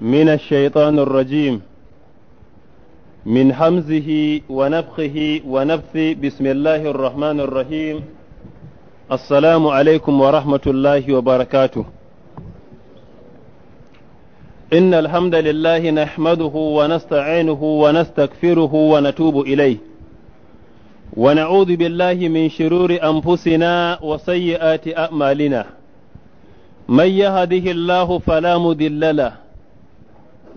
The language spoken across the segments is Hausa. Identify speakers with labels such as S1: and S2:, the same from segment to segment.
S1: من الشيطان الرجيم من همزه ونفخه ونفثه بسم الله الرحمن الرحيم السلام عليكم ورحمة الله وبركاته إن الحمد لله نحمده ونستعينه ونستغفره ونتوب إليه ونعوذ بالله من شرور أنفسنا وسيئات أعمالنا من يهده الله فلا مذل له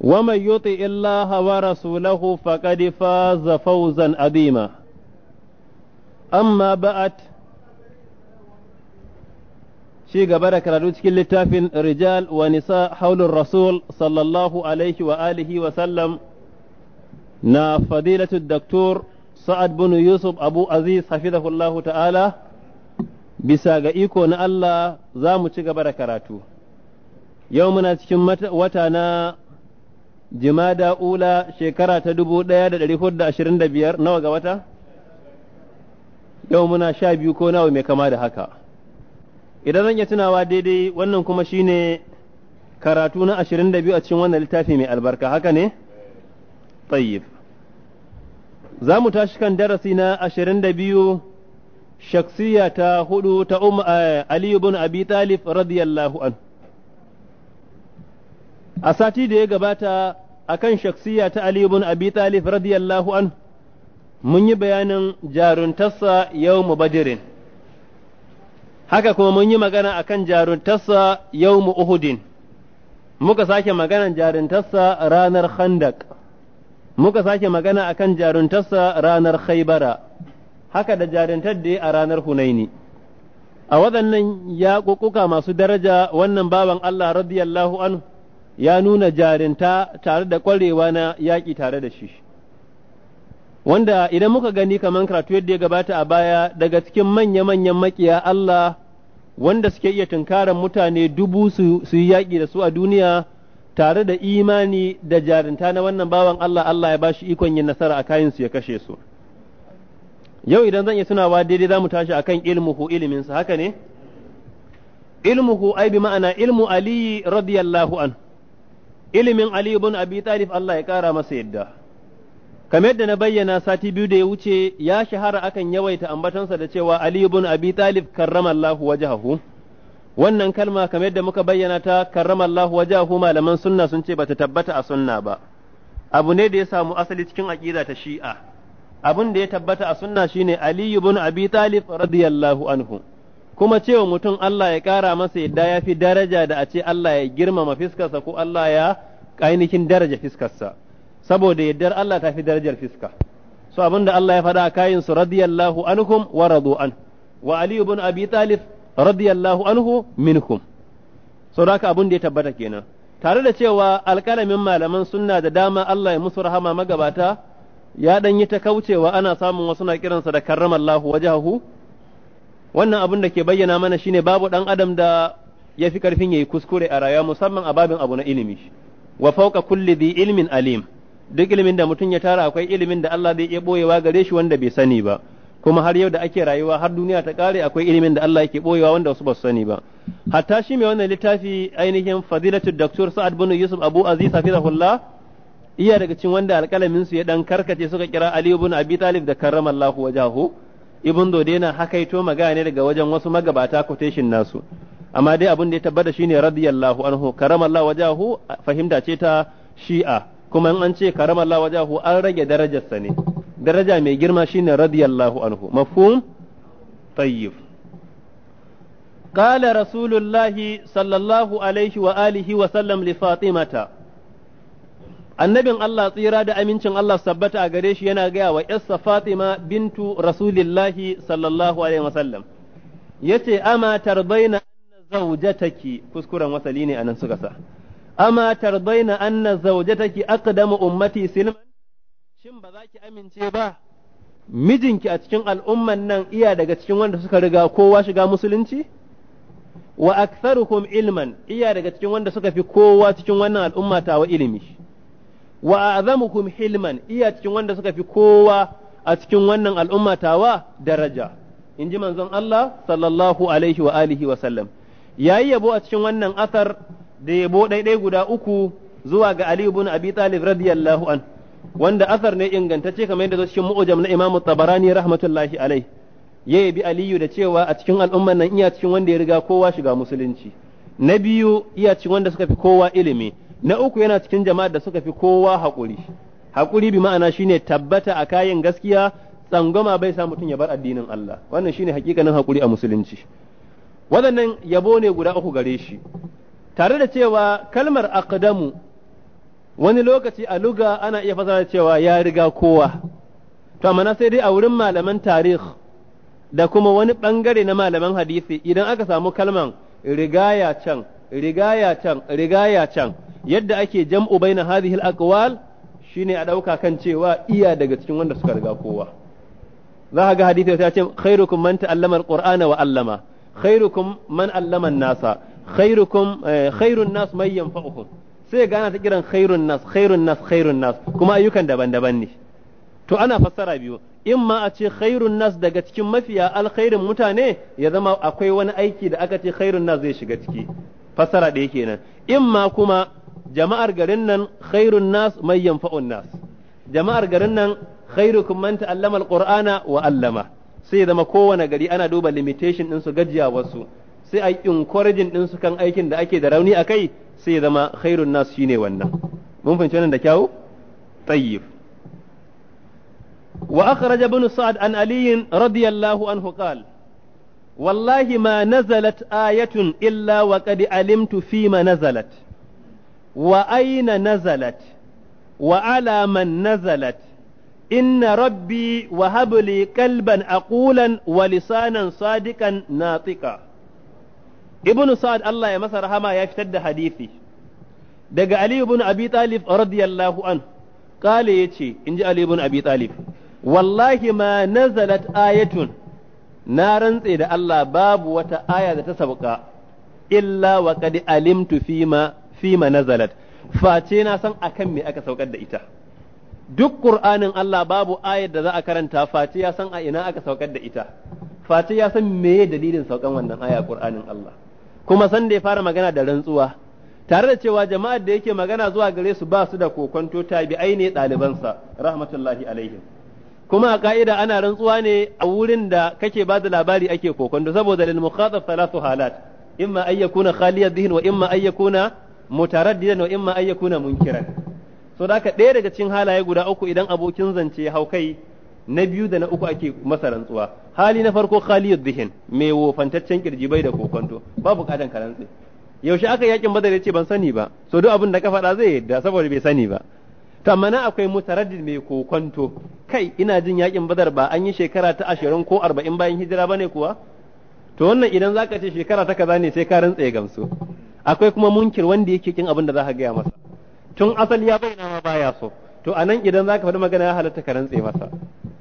S1: ومن يطع الله ورسوله فقد فاز فوزا عظيما أما بعد شي gaba da karatu cikin littafin rijal wa nisa haulun rasul sallallahu alaihi wa alihi wa sallam na fadilatu daktur sa'ad bin yusuf abu aziz hafizahullahu ta'ala bisa ga iko na Allah za mu ci gaba da karatu yau muna cikin wata na jimada ula shekara ta dubu ɗaya da ɗari hudu ashirin da biyar nawa ga wata yau muna sha biyu ko nawa mai kama da haka idan zan iya tunawa daidai wannan kuma shi ne karatu na ashirin da biyu a cikin wannan littafi mai albarka haka ne tsayif za mu tashi kan darasi na ashirin da biyu shaksiya ta hudu ta um aliyu bin abi talib radiyallahu anhu a sati da ya gabata a kan shaksiya ta Ali ibn Abi Talib radiyallahu an mun yi bayanin jaruntarsa yau mu badirin haka kuma mun yi magana a kan jaruntarsa yau mu uhudin muka sake magana jaruntarsa ranar khandak muka sake magana a kan jaruntarsa ranar khaybara haka da jaruntar da a ranar hunaini a waɗannan ya masu daraja wannan baban Allah radiyallahu anhu ya nuna jarinta tare da ƙwarewa na yaƙi tare da shi wanda idan muka gani kamar karatu yadda ya gabata a baya daga cikin manya-manyan makiya Allah wanda suke iya tunkaran mutane dubu su yi yaƙi da su a duniya tare da imani da jarinta na wannan bawan Allah Allah ya ba shi ikon yin nasara a kayansu ya kashe su yau idan zan iya tunawa daidai za mu tashi akan ilmuhu iliminsa haka ne ilmuhu ai bi ma'ana ilmu aliyu radiyallahu anhu ilimin Ali ibn Abi Talib Allah ya ƙara masa yadda. Kamar yadda na bayyana sati biyu da ya wuce ya shahara akan yawaita ambatansa da cewa Ali ibn Abi Talib karramallahu wajahahu. Wannan kalma kamar yadda muka bayyana ta karramallahu wajahahu malaman sunna sun ce bata tabbata a sunna ba. Abu ne da ya samu asali cikin aqida ta Shi'a. Abin da ya tabbata a sunna shine Ali ibn Abi Talib radiyallahu anhu. kuma cewa mutum Allah ya ƙara masa yadda ya fi daraja da a ce Allah ya girmama fiskarsa ko Allah ya ainihin daraja fiskarsa saboda yaddar Allah ta fi darajar fiska so abinda Allah ya faɗa a kayin su radiyallahu anhum wa radu an wa Ali ibn Abi Talib radiyallahu anhu minhum so da abin da ya tabbata kenan tare da cewa alƙalamin malaman sunna da dama Allah ya musu rahama magabata ya dan yi ta kaucewa ana samun wasu na kiransa da karramallahu wajahu wannan abin da ke bayyana mana shine babu dan adam da ya fi ya yi kuskure a rayuwa musamman a babin abu na ilimi wa fauka kulli dhi ilmin alim duk ilimin da mutum ya tara akwai ilimin da Allah zai iya boyewa gare shi wanda bai sani ba kuma har yau da ake rayuwa har duniya ta kare akwai ilimin da Allah yake boyewa wanda wasu ba su sani ba hatta shi mai wannan littafi ainihin fadilatul Dr sa'ad bin yusuf abu aziz hafizahullah iya daga cikin wanda alƙalamin su ya dan karkace suka kira ali ibn abi talib da karramallahu wajahu ibn dode na hakaito magana ne daga wajen wasu magabata quotation nasu amma dai abin da ya tabbata shine radiyallahu anhu karamallahu wajahu fahimta ce ta shi'a kuma in an ce karamallahu wajahu an rage darajarsa ne daraja mai girma shine radiyallahu anhu mafhum tayyib قال رسول الله صلى الله عليه وآله وسلم لفاطمة annabin Allah tsira da amincin Allah sabbata a gare shi yana gaya wa yassa Fatima bintu Rasulillahi sallallahu alaihi wasallam yace ama tarbaina anna zawjataki kuskuren wasali ne anan suka sa ama tarbaina anna zawjataki aqdamu ummati silman shin ba za ki amince ba mijinki a cikin al'umman nan iya daga cikin wanda suka riga kowa shiga musulunci wa aktharukum ilman iya daga cikin wanda suka fi kowa cikin wannan al'umma tawa ilimi wa azamuhum hilman iya cikin wanda suka fi kowa a cikin wannan al'umma tawa daraja in ji manzon Allah sallallahu alaihi wa alihi wa sallam yayi yabo a cikin wannan asar da yabo daidai guda uku zuwa ga Ali ibn Abi Talib radiyallahu an wanda asar ne ingantacce kamar yadda zo cikin mu'jam na Imam Tabarani rahmatullahi alaihi ya bi Aliyu da cewa a cikin al'umman nan iya cikin wanda ya riga kowa shiga musulunci na biyu iya cikin wanda suka fi kowa ilimi na uku yana cikin jama'ar da suka fi kowa haƙuri haƙuri bi ma'ana shine tabbata a kayan gaskiya tsangwama bai sa mutum ya bar addinin Allah wannan shine hakikanin haƙuri a musulunci waɗannan yabo ne guda uku gare shi tare da cewa kalmar aqdamu wani lokaci a luga ana iya fasara cewa ya riga kowa to amma sai dai a wurin malaman tarih da kuma wani bangare na malaman hadisi idan aka samu kalman rigaya can rigaya can rigaya can yadda ake jam'u baina hadhihi al-aqwal shine a dauka kan cewa iya daga cikin wanda suka riga kowa za ka ga hadisi ta ce khairukum man ta'allama al-qur'ana wa 'allama khairukum man 'allama an-nasa khairukum eh, khairun nas man yanfa'uhum sai gana ta kiran khairun nas khairun nas khairun nas kuma ayyukan daban-daban ne to ana fassara biyu in ma a ce khairun nas daga cikin mafiya alkhairin mutane ya zama akwai wani aiki da aka ce khairun nas zai shiga ciki fasara ɗaya kenan ma kuma jama'ar garin nan khairun nas mai yanfa'un nas jama'ar garin nan khairu khairukum manta allama alqur'ana wa 'allama sai zama kowane gari ana duba limitation din su gajiya wasu sai ai encouraging din su kan aikin da ake da rauni a kai sai zama khairun nas shine wannan mun fahimci wannan da kyau tayyib wa akhraja ibn sa'ad an ali radiyallahu anhu qala wallahi ma nazalat ayatun illa wa qad alimtu fi ma nazalat wa aina nazalat wa ala man nazalat inna rabbi wa habli kalban aqulan wa lisanan sadiqan natiqa ibnu sa'ad Allah ya masa rahama ya fitar da hadisi daga ali ibn abi talib radiyallahu an kale yace inji ali ibn abi talib wallahi ma nazalat ayatun na rantse da Allah babu wata aya da ta sauka illa wa qad alimtu fima fima nazalat face na san akan me aka saukar da ita duk qur'anin Allah babu ayar da za a karanta face ya san a ina aka saukar da ita face ya san me dalilin saukan wannan aya qur'anin Allah kuma san da ya fara magana da rantsuwa tare da cewa jama'ar da yake magana zuwa gare su ba su da kokonto tabi'ai ne ɗalibansa rahmatullahi alaihim kuma a ka'ida ana rantsuwa ne a wurin da kake ba da labari ake kokondo saboda lil mukhatab thalathu halat imma ay yakuna khaliyad dhihn wa imma ay yakuna mutaraddidan wa imma ay yakuna munkiran so da haka ɗaya daga cikin halaye guda uku idan abokin zance ya haukai na biyu da na uku ake masa rantsuwa hali na farko khaliyad dhihn mai wofantaccen kirji bai da kokondo ba bukatan karantsi yaushe aka yakin badar ya ce ban sani ba so duk abin da ka faɗa zai yadda saboda bai sani ba to amma akwai mutaraddid mai kokonto kai ina jin yakin badar ba an yi shekara ta ashirin ko arba'in bayan hijira bane kuwa to wannan idan zaka ce shekara ta kaza ne sai ka rantsa gamsu akwai kuma munkir wanda yake kin abin da zaka gaya masa tun asali ya bayyana ma baya so to anan idan zaka faɗi magana ya halatta ka rantse masa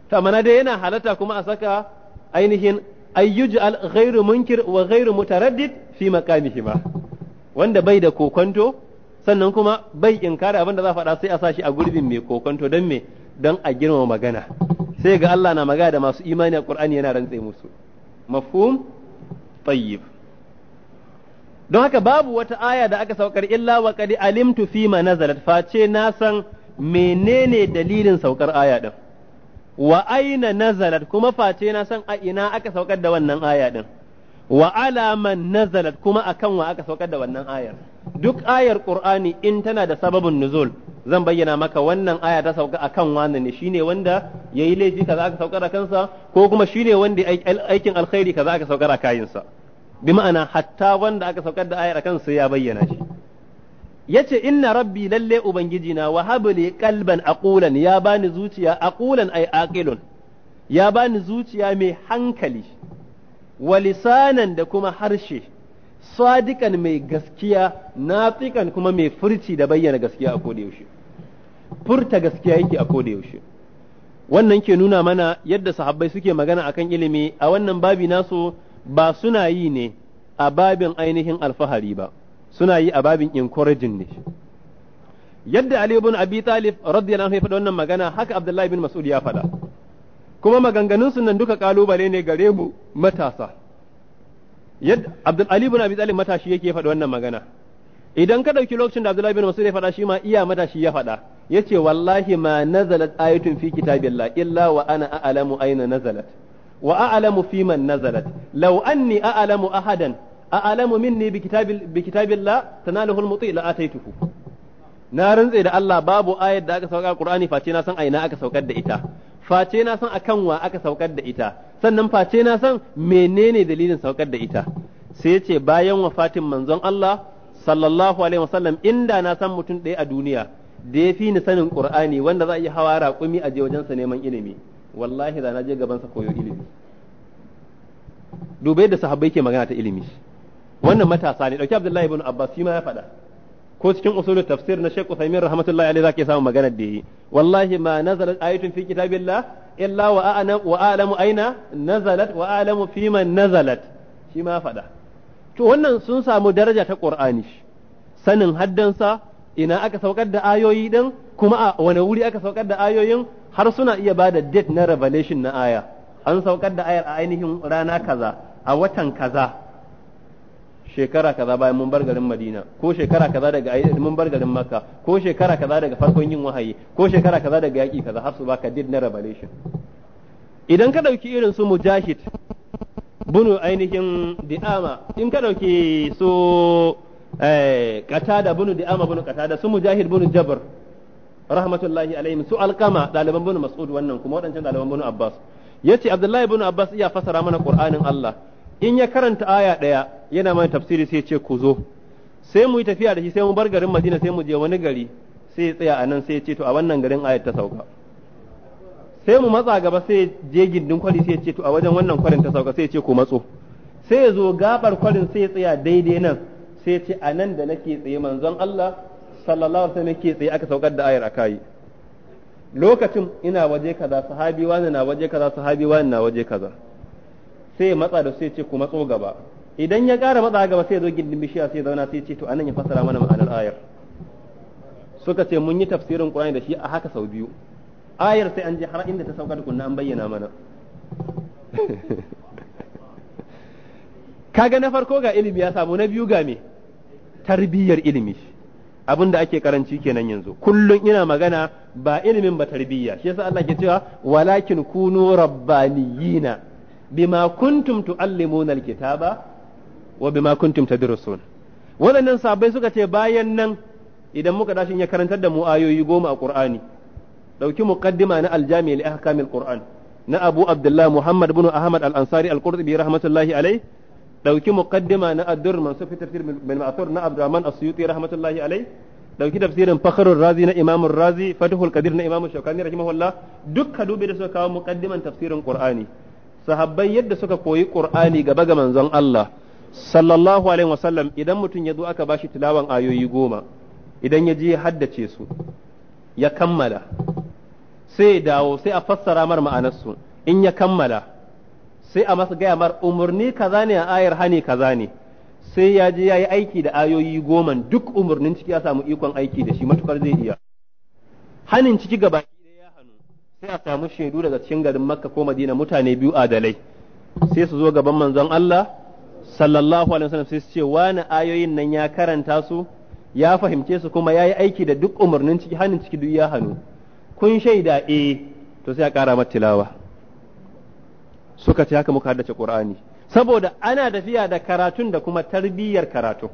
S1: to amma dai yana halatta kuma a saka ainihin al ghairu munkir wa ghairu mutaraddid fi maqamihima wanda bai da kokonto sannan kuma bai kare abin da za faɗa sai a sa shi a gurbin mai kokonto don me don a girma magana sai ga Allah na magana da masu imani a Qur'ani yana rantse musu mafhum tayyib don haka babu wata aya da aka saukar illa wa qad alimtu fi ma nazalat face na san menene dalilin saukar aya din wa aina nazalat kuma face na san a ina aka saukar da wannan aya din wa ala man nazalat kuma akan wa aka saukar da wannan ayar duk ayar qur'ani in tana da sababin nuzul zan bayyana maka wannan aya ta sauka akan wani ne shine wanda yayi laifi kaza aka saukar kansa ko kuma shine wanda aikin alkhairi kaza aka saukar a sa bi ma'ana hatta wanda aka saukar da ayar akan sa ya bayyana shi yace inna rabbi lalle ubangiji na wa habli qalban aqulan ya bani zuciya aqulan ay aqilun ya bani zuciya mai hankali wa lisanan da kuma harshe sadikan mai gaskiya natsikan kuma mai furci da bayyana gaskiya a koda yaushe furta gaskiya yake a koda yaushe wannan ke nuna mana yadda sahabbai suke magana akan ilimi a wannan babi nasu ba suna yi ne a babin ainihin alfahari ba suna yi a babin encouraging ne yadda Ali ibn Abi Talib radiyallahu anhu ya faɗa wannan magana haka Abdullahi bin Mas'ud ya faɗa kuma maganganun sunan duka kalubale ne gare mu matasa yadda Abdul Ali ibn Abi Talib matashi yake faɗi wannan magana idan ka ɗauki lokacin da Abdullahi bin Mas'ud ya faɗa shi ma iya matashi ya faɗa yace wallahi ma nazalat ayatun fi kitabillah illa wa ana a'lamu aina nazalat wa a'lamu fi man nazalat law anni a'lamu ahadan a'lamu minni bi kitabil bi kitabillah tanaluhu al-muti la ataituhu na rantse da Allah babu ayat da aka sauka Qur'ani face na san aina aka saukar da ita face na san akan wa aka saukar da ita sannan face na san menene dalilin saukar da ita sai ce bayan wafatin manzon Allah sallallahu alaihi wasallam inda na san mutum ɗaya a duniya da ya fi ni sanin qur'ani wanda za a yi hawa raƙumi a je wajensa neman ilimi wallahi da na je gabansa koyo ilimi dubai da sahabbai ke magana ta ilimi wannan matasa ne dauki abdullahi ibn abbas shi ma ya faɗa ko cikin usulul tafsir na Sheikh Uthaymeen rahmatullahi alayhi zaka samu maganar da yi wallahi ma nazalat ayatun fi kitabillah illa wa a'na wa a'lamu aina nazalat wa a'lamu fi man nazalat shi ma fada to wannan sun samu daraja ta Qur'ani sanin haddansa ina aka saukar da ayoyi din kuma a wani wuri aka saukar da ayoyin har suna iya bada date na revelation na aya an saukar da ayar a ainihin rana kaza a watan kaza shekara kaza bayan mun bar garin Madina ko shekara kaza daga mun bar garin Makka ko shekara kaza daga farkon yin wahayi ko shekara kaza daga yaki kaza har su baka did na revelation idan ka dauki irin su mujahid bunu ainihin di'ama in ka dauki su eh qatada bunu di'ama bunu qatada su mujahid bunu jabr rahmatullahi alaihim su alqama daliban bunu mas'ud wannan kuma wadancan daliban bunu abbas yace abdullahi bunu abbas iya fasara mana qur'anin Allah in ya karanta aya ɗaya yana mai tafsiri sai ce ku zo sai mu yi tafiya da shi sai mu bar garin Madina sai mu je wani gari sai ya tsaya a nan sai ya ce to a wannan garin ayat ta sauka sai mu matsa gaba sai je gindin kwari sai ya ce to a wajen wannan kwarin ta sauka sai ya ce ku matso sai ya zo gabar kwarin sai ya tsaya daidai nan sai ya ce a nan da nake tsaye manzon Allah sallallahu alaihi wasallam ke tsaye aka saukar da ayar akai lokacin ina waje kaza sahabi wani na waje kaza sahabi wani na waje kaza sai ya matsa da su sai ce ku matso gaba idan ya kara matsa gaba sai ya zo gindin bishiya sai ya zauna sai ce to anan ya fasara mana ma'anar ayar suka ce mun yi tafsirin Qur'ani da shi a haka sau biyu ayar sai an je har inda ta sauka da kunna an bayyana mana kaga na farko ga ilimi ya samu na biyu ga me tarbiyyar ilimi da ake karanci kenan yanzu kullum ina magana ba ilimin ba tarbiyya shi yasa Allah ke cewa walakin kunu rabbaniyina bima kuntum tuallimuna alkitaba wa bima kuntum tadrusun waɗannan sabai suka ce bayan nan idan muka dashin ya karantar da mu ayoyi goma a Qur'ani ɗauki muqaddima na aljami li ahkamil Qur'an na Abu Abdullah Muhammad ibn Ahmad al-Ansari al-Qurtubi rahmatullahi alayh ɗauki muqaddima na Ad-Durr Mansur fi tafsir bil ma'thur na Abdurrahman As-Suyuti rahmatullahi alayh ɗauki tafsirin Fakhrul Razi na Imam Razi Fathul Qadir na Imam Shawkani rahimahullah dukka dubi da suka kawo muqaddiman tafsirin Qur'ani sahabbai yadda suka koyi qur'ani gaba ga manzon Allah sallallahu alaihi wasallam idan mutum ya zo aka bashi tilawan ayoyi goma idan ya je haddace su ya kammala sai dawo sai a fassara mar ma'anarsu in ya kammala sai a masa gaya mar umarni kaza ne a ayar hani kaza ne sai ya je ya yi aiki da ayoyi goma duk umarnin ciki ya samu ikon aiki da shi matukar zai iya hanin ciki gaba sai a samu shaidu daga cikin garin makka ko madina mutane biyu adalai sai su zo gaban manzon Allah sallallahu alaihi wasallam sai su ce wani ayoyin nan ya karanta su ya fahimce su kuma ya yi aiki da duk umarnin ciki hannun ciki duk ya hannu kun shaida eh to sai a ƙara mata tilawa suka ce haka muka haddace qur'ani saboda ana tafiya da karatun da kuma tarbiyyar karatu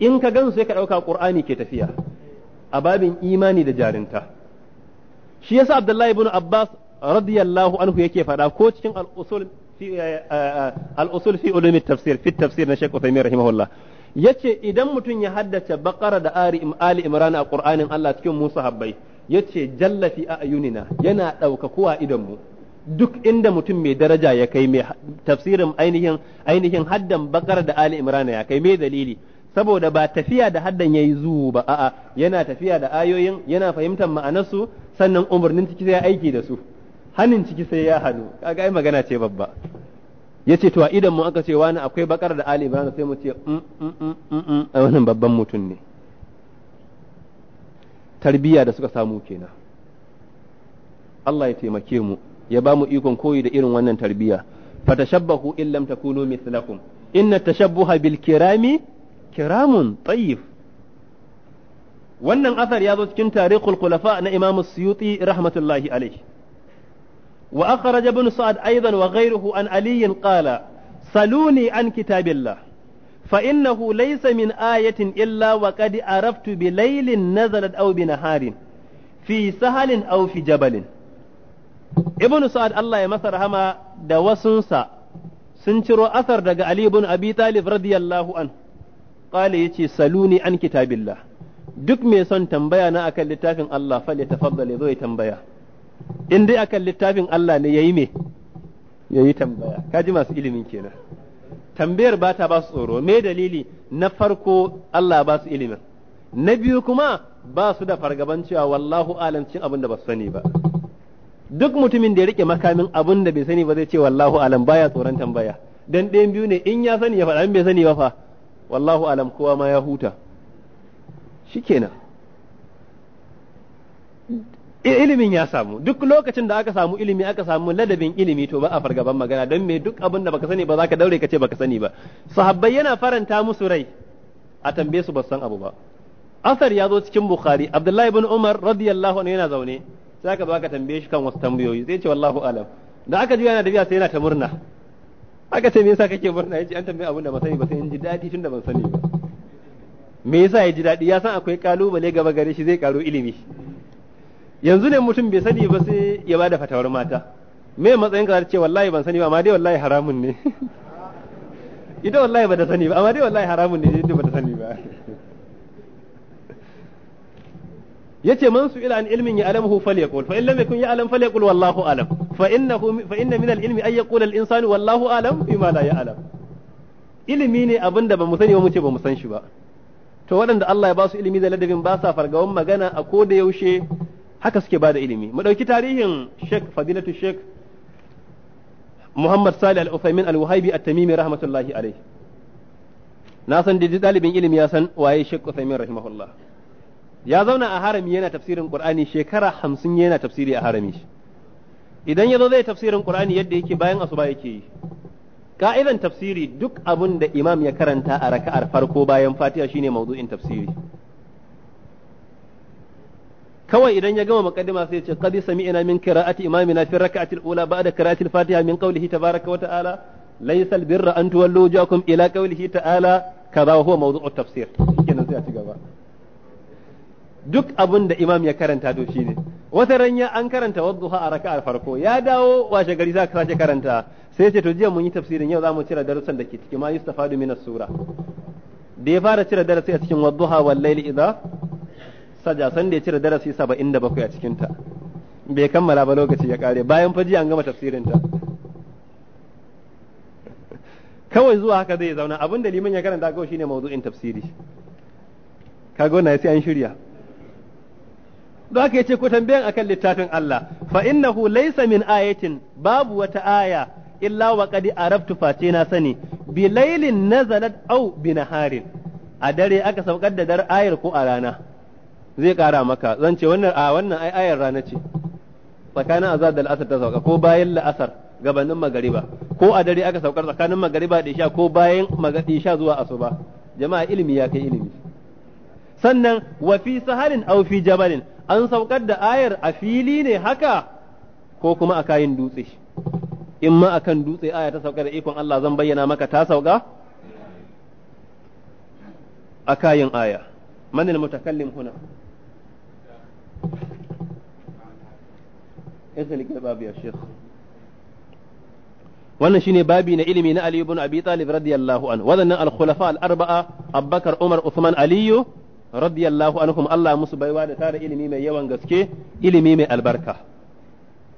S1: in ka gan sai ka ɗauka qur'ani ke tafiya a babin imani da jarinta shi yasa abdullahi ibn abbas radiyallahu anhu yake faɗa ko cikin al-usul fi eh, eh, al-usul fi ulum tafsir fi tafsir na Sheikh Uthaymeen rahimahullah yace idan mutum ya haddace baqara da ali imran a qur'anin Allah cikin musa habbai yace jalla fi ayunina yana ɗaukakuwa idan mu duk inda mutum mai daraja ya kai mai tafsirin ainihin ainihin haddan bakar da Ali Imran ya kai mai dalili saboda ba tafiya da haddan yayi zuwu ba a'a yana tafiya da ayoyin yana fahimtar ma'anarsu sannan umarnin ciki sai ya aiki da su hannun ciki sai ya hannu kaga ai magana ce babba yace to a idan mu aka ce wani akwai bakar da Ali Ibrahim sai mu ce mm, mm, mm, a wannan babban mutum ne tarbiya da suka samu kenan Allah ya taimake mu ya ba mu ikon koyi da irin wannan tarbiya fatashabbahu illam takunu mithlakum inna tashabbuha bil kirami kiramun tsayif wannan asar ya zo cikin tarihul khulafa na imam suyuti rahmatullahi alaihi wa akhraj ibn sa'ad aidan wa ghayruhu an ali qala saluni an kitabillah fa innahu laysa min ayatin illa wa qad araftu bi laylin nazalat aw bi naharin fi sahalin aw fi jabalin ibn sa'ad Allah ya masa rahama da wasunsa sun ciro asar daga ali ibn abi talib radiyallahu anhu qala yace saluni an kitabillah duk mai son tambaya na akan littafin Allah fa ya tafaddal zo ya tambaya in dai akan littafin Allah ne yayi me yayi tambaya kaji masu ilimin kenan tambayar ba ta ba su tsoro me dalili na farko Allah ba su ilimin na biyu kuma ba su da fargaban cewa wallahu alam cin abin da ba su sani ba duk mutumin da ya rike makamin abin da bai sani ba zai ce wallahu alam baya tsoron tambaya dan ɗayan biyu ne in ya sani ya faɗa in bai sani ba fa wallahu alam kowa ma ya huta shikenan ilimin ya samu duk lokacin da aka samu ilimi aka samu ladabin ilimi to ba a fargaban magana don me duk abin da baka sani ba za ka daure ka ce baka sani ba sahabbai yana faranta musu rai a tambaye su san abu ba asar ya zo cikin bukhari abdullahi bin umar radiyallahu anhu yana zaune sai aka zo aka tambaye shi kan wasu tambayoyi zai ce wallahu alam da aka ji yana da biya sai yana ta murna aka ce me yasa kake murna yace an tambaye abin da ba sani ba sai in ji dadi tunda ban sani ba me yasa ya ji dadi? ya san akwai kalubale gaba gare shi zai karo ilimi yanzu ne mutum bai sani ba sai ya bada fatawar mata me matsayin ka ce wallahi ban sani ba amma dai wallahi haramun ne ita wallahi ba da sani ba amma dai wallahi haramun ne dai ba da sani ba yace man su ila an ilmin ya alamu falyaqul fa in lam yakun ya'lam falyaqul wallahu alam fa innahu fa inna min al-ilmi ay yaqula al-insanu wallahu alam bima la ya'lam ilimi ne abinda ba mu sani ba mu ce ba mu san shi ba to waɗanda Allah ya ba su ilimi da ladabin ba sa fargawan magana a ko da yaushe haka suke ba da ilimi mu ɗauki tarihin Sheikh Fadilatu Sheikh Muhammad Salih Al-Uthaymin Al-Wahibi At-Tamimi rahmatullahi alayhi na san da dalibin ilimi ya san waye Sheikh Uthaymin rahimahullah ya zauna a harami yana tafsirin qur'ani shekara hamsin yana tafsiri a harami idan ya zo zai tafsirin qur'ani yadda yake bayan asuba yake yi ka'idan tafsiri duk abun da imam ya karanta a raka'ar farko bayan fatiha shine mawdu'in tafsiri kawai idan ya gama muqaddima sai ya ce qad sami'na min qira'ati imamina fi raka'atil ula ba'da qira'atil fatiha min qawlihi tabaraka wa ta'ala laysa albirra an tuwallu wujuhakum ila qawlihi ta'ala kaza wa huwa mawdu'ut tafsir kenan sai a ci gaba duk abin da imam ya karanta to shine wata ranya an karanta ha a raka a farko ya dawo washe gari za ka sake karanta sai ce to jiya mun yi tafsirin yau mu cire darussan da ke cikin ma yustafadu minas sura da ya fara cire darasi a cikin ha wal layli idza saja san da ya cire darasi 77 a cikin ta bai kammala ba lokaci ya kare bayan faji an gama tafsirin ta kawai zuwa haka zai zauna abin da liman ya karanta kawai shine mawdu'in tafsiri kaga wannan sai an shirya don haka yace ko tambayan akan littafin Allah fa innahu laysa min ayatin babu wata aya illa wa qad araftu face na sani bi laylin nazalat aw bi naharin a dare aka saukar da dar ayar ko a rana zai kara maka zan ce wannan a wannan ai ayar rana ce tsakanin azad al asr ta sauka ko bayan la'asar gabanin magariba ko a dare aka saukar tsakanin magariba da isha ko bayan isha zuwa asuba jama'a ilimi ya kai ilimi sannan wa fi sahalin aw fi jabalin an saukar da ayar a fili ne haka ko kuma a kayan dutse in ma a kan dutse aya ta saukar da ikon Allah zan bayyana maka ta sauka a kayan aya manil mutakallim huna wannan ne babi na ilimi na Ali ibn Abi Talib radiyallahu an wadannan al-khulafa al-arba'a Abubakar Umar Uthman Aliyu radiyallahu anhum Allah musu baiwa da tara ilimi mai yawan gaske ilimi mai albarka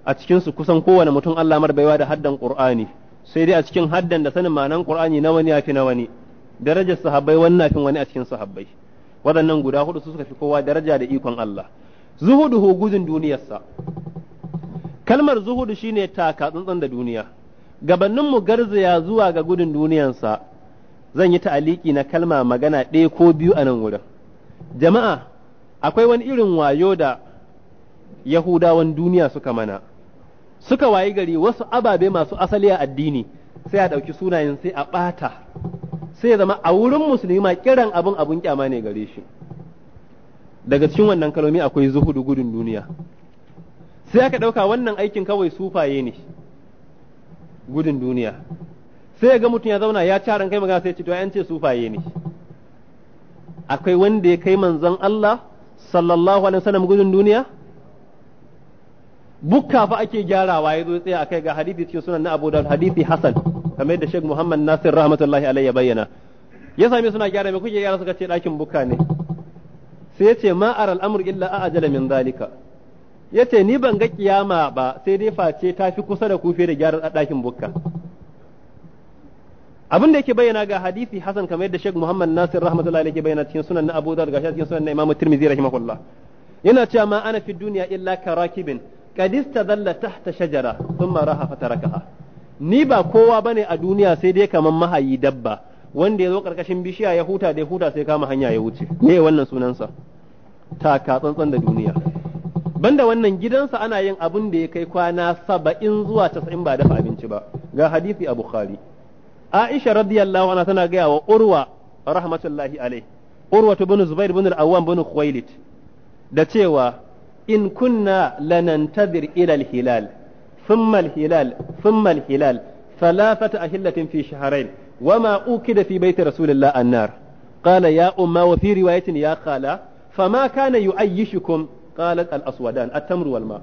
S1: a cikin su kusan kowane mutum Allah mar baiwa da haddan Qur'ani sai dai a cikin haddan da sanin ma'anan Qur'ani na wani yafi na wani darajar sahabbai wani nafin wani a cikin sahabbai waɗannan guda hudu su suka fi kowa daraja da ikon Allah hu gudun duniyarsa kalmar zuhudu shine taka tsantsan da duniya gabanin mu garzaya zuwa ga gudun duniyarsa zan yi ta'aliki na kalma magana ɗaya ko biyu a nan wurin jama'a akwai wani irin wayo da yahudawan duniya suka mana suka wayi gari wasu ababe masu asali a addini sai a ɗauki sunayen sai a ɓata sai ya zama a wurin musulmi ma kiran abin abun kyama ne gare shi daga cikin wannan kalomi akwai zuhudu gudun duniya sai aka ɗauka wannan aikin kawai sufaye ne gudun duniya sai ya ga mutum ya zauna ya caran kai magana sai ce to an ce sufaye ne akwai wanda ya kai manzon Allah sallallahu alaihi wasallam gudun duniya bukka fa ake gyarawa ya zo tsaye akai ga hadisi cikin sunan na Abu Dawud hadisi Hasan kamar yadda Sheikh Muhammad Nasir rahmatullahi alaihi ya bayyana ya same suna gyara me kuke gyara suka ce dakin bukka ne sai ya ce ma aral amr illa a ajala min zalika ya ce ni ban ga kiyama ba sai dai face ta fi kusa da kufe da gyara dakin bukka abin da yake bayyana ga hadisi hasan kamar yadda Sheikh Muhammad Nasir rahmatullahi yake bayyana cikin sunan na Abu Dawud gashi cikin sunan na Imam Tirmidhi rahimahullah yana cewa ma ana fi duniya illa karakibin qad istadalla tahta shajara thumma raha fatarakaha ni ba kowa bane a duniya sai dai kaman mahayi dabba wanda ya zo karkashin bishiya ya huta da ya huta sai kama hanya ya wuce me wannan sunansa taka tsantsan da duniya banda wannan gidansa ana yin abin da ya kai kwana saba'in zuwa casa'in ba dafa abinci ba ga hadisi a bukhari Aisha radiyallahu anha tana gaya wa Urwa rahmatullahi alaihi Urwa bin Zubair bin al-Awwam bin Khuwailid da cewa in kunna lanantadir ila al-hilal thumma al-hilal thumma al-hilal thalathata ahillatin fi shahrayn wama ukida fi baiti rasulillah an-nar qala ya umma wa fi riwayatin ya qala fama kana yu'ayyishukum qalat al-aswadan at-tamru wal ma'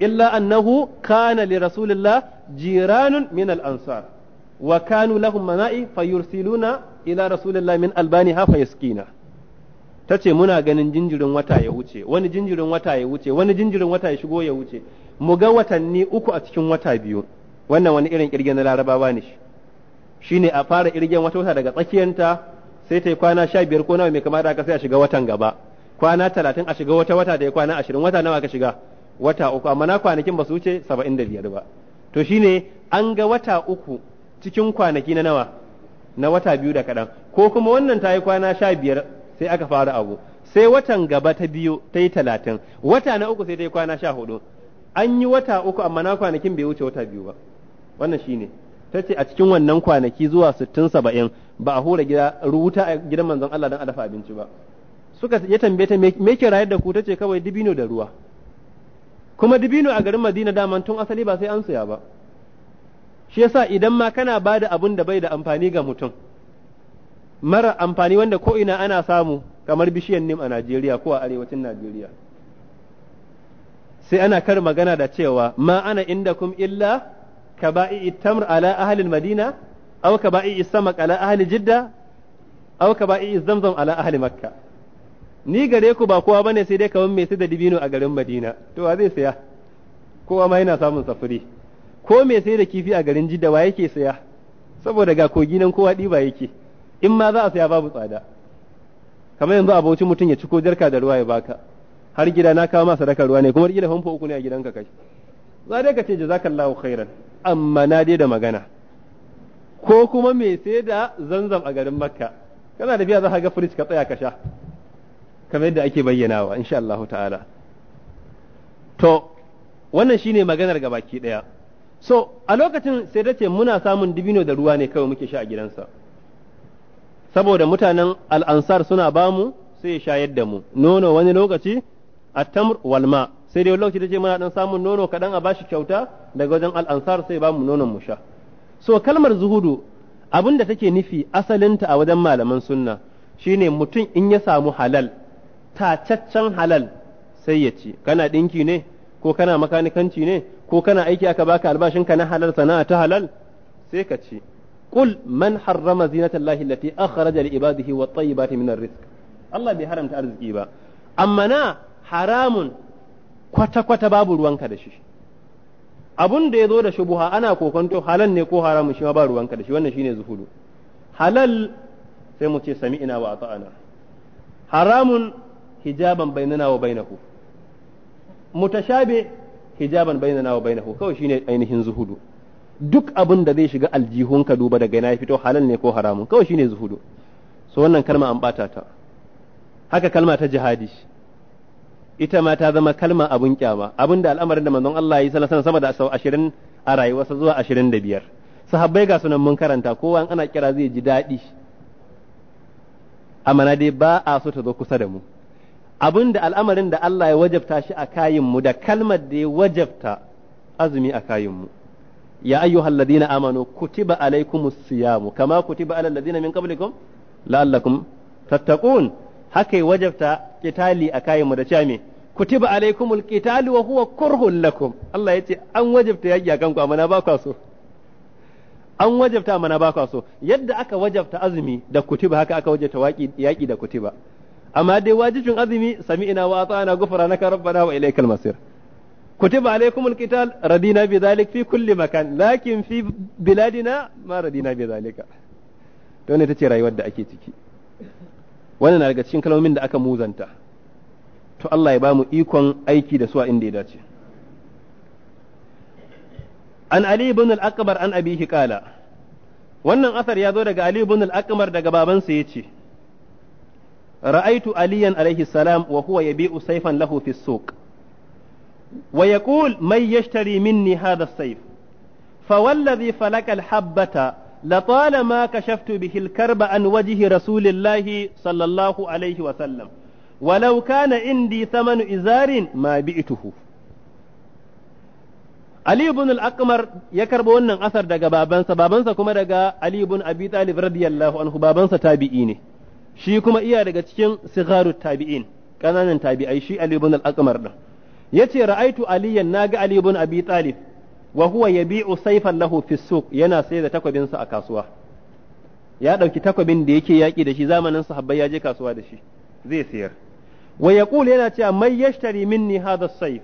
S1: illa annahu kana li rasulillah jiranun min al-ansar wa kanu lahum mana'i fayursiluna ila rasulillahi min albaniha fayaskina tace muna ganin jinjirin wata ya wuce wani jinjirin wata ya wuce wani jinjirin wata ya shigo ya wuce mu ga watanni uku a cikin wata biyu wannan wani irin kirgen na larabawa ne shi shine a fara kirgen wata wata daga tsakiyanta sai ta yi kwana sha biyar ko nawa mai kamata haka sai a shiga watan gaba kwana talatin a shiga wata wata da ya kwana ashirin wata nawa ka shiga wata uku amma na kwanakin ba su wuce saba'in da biyar ba to shine an ga wata uku cikin kwanaki na nawa na wata biyu da kaɗan ko kuma wannan ta yi kwana sha biyar sai aka fara abu sai watan gaba ta biyu ta yi talatin wata na uku sai ta yi kwana sha hudu an yi wata uku amma na kwanakin bai wuce wata biyu ba wannan shi ne ta ce a cikin wannan kwanaki zuwa sittin saba'in ba a hura gida rubuta a gidan manzon Allah don a dafa abinci ba suka ya tambaye ta me ke rayar da ku ta ce kawai dibino da ruwa kuma dibino a garin Madina daman tun asali ba sai an saya ba shi yasa idan ma kana ba da abin da bai da amfani ga mutum mara amfani wanda ko ina ana samu kamar bishiyan nim a Najeriya ko a arewacin Najeriya sai ana kar magana da cewa ma ana inda kum illa ka ba'i tamr ala ahalin madina aw ba'i samak ala ahali jidda aw kaba'i zamzam ala ahalin makka ni gare ku ba kowa bane sai dai kawai mai sai da dibino a garin madina to wa zai saya kowa ma yana samun safuri ko me sai da kifi a garin jidda wa yake saya saboda ga kogi nan kowa ɗiba yake in ma za a saya babu tsada kamar yanzu abauci mutum ya ci jarka da ruwa ya baka har gida na kawo masa sadaka ruwa ne kuma kila famfo uku ne a gidanka kai za dai ka ce jazakallahu khairan amma na dai da magana ko kuma me sai da zanzam a garin makka kana da biya za ka ga firij ka tsaya ka sha kamar yadda ake bayyanawa insha Allah ta'ala to wannan shine maganar gabaki daya so a lokacin sai da ce muna samun dibino da ruwa ne kawai muke sha a gidansa saboda mutanen al'ansar suna bamu sai ya shayar da mu nono wani lokaci a tamur walma sai dai lokaci ta ce muna dan samun nono kaɗan a bashi kyauta daga wajen al'ansar sai bamu nonon mu sha so kalmar zuhudu abin da take nufi asalinta a wajen malaman sunna shine mutum in ya samu halal tacaccen halal sai ya ci kana ɗinki ne ko kana makanikanci ne ko kana aiki aka baka albashinka na halal sana'a ta halal sai ka ce qul man harrama lati allahi allati akhraja li ibadihi wat tayyibati min rizq Allah bai haramta arziki ba amma na haramun kwata kwata babu ruwanka da shi abun da ya zo da buha ana kokonto halal ne ko haramun shi ma ba ruwanka da shi wannan shine zuhudu halal sai mu ce ina wa ata'ana haramun hijaban bainana wa bainahu mutashabe hijaban bainana wa bainahu kawai shine ainihin zuhudu duk abin da zai shiga aljihunka duba daga ya fito halal ne ko haramun kawai shine zuhudu so wannan kalma an bata ta haka kalma ta jihadi ita ma ta zama kalma abun kyama abin da al'amarin da manzon Allah ya sallallahu sama da sau 20 a rayuwarsa zuwa 25 sahabbai ga sunan mun karanta kowa ana kira zai ji daɗi amana dai ba a so ta zo kusa da mu abin da al'amarin da Allah ya wajabta shi a kayinmu da kalmar da ya wajabta azumi a kayinmu ya ayyuhal ladina amanu kutiba alaikumus siyamu kama kutiba alal ladina min qablikum la'allakum tattaqun haka wajabta kitali a kayinmu da cewa me kutiba alaikumul qitalu wa huwa kurhun lakum Allah yace an wajabta yaki akan ku amana ba ku so an wajabta amana ba ku so yadda aka wajabta azumi da kutiba haka aka wajabta yaki da kutiba amma dai wajibin azumi ina wa ata'na ka rabbana wa ilaykal masir kutiba alaykumul qital radina bidhalik fi kulli makan lakin fi biladina ma radina bidhalika to ne tace rayuwar da ake ciki wannan na daga cikin kalmomin da aka muzanta to Allah ya bamu ikon aiki da su a inda ya dace an ali ibn al-akbar an abihi qala wannan asar ya zo daga ali ibn al-akbar daga babansa yace ra'aitu aliyan alaihi salam wa huwa yabi'u saifan lahu fi suq mai yaqul may yashtari minni hadha as-sayf فوالذي فلك الحبة لطالما كشفت به الكرب عن وجه رسول الله صلى الله عليه وسلم ولو كان عندي ثمن إزار ما بئته Ali ibn al-Aqmar ya karɓi wannan asar daga babansa babansa kuma daga Ali ibn Abi Talib radiyallahu anhu babansa tabi'i ne shi kuma iya daga cikin sigaru tabi'in kananan tabi'ai shi Ali ibn al-Aqmar din yace ra'aitu aliyan naga Ali ibn Abi Talib wa huwa yabi'u sayfan lahu fi suq yana sayar da takwabin sa a kasuwa ya dauki takwabin da yake yaki da shi zamanin sahabbai ya je kasuwa da shi zai sayar wa yaqul yana cewa mai yashtari minni hadha sayf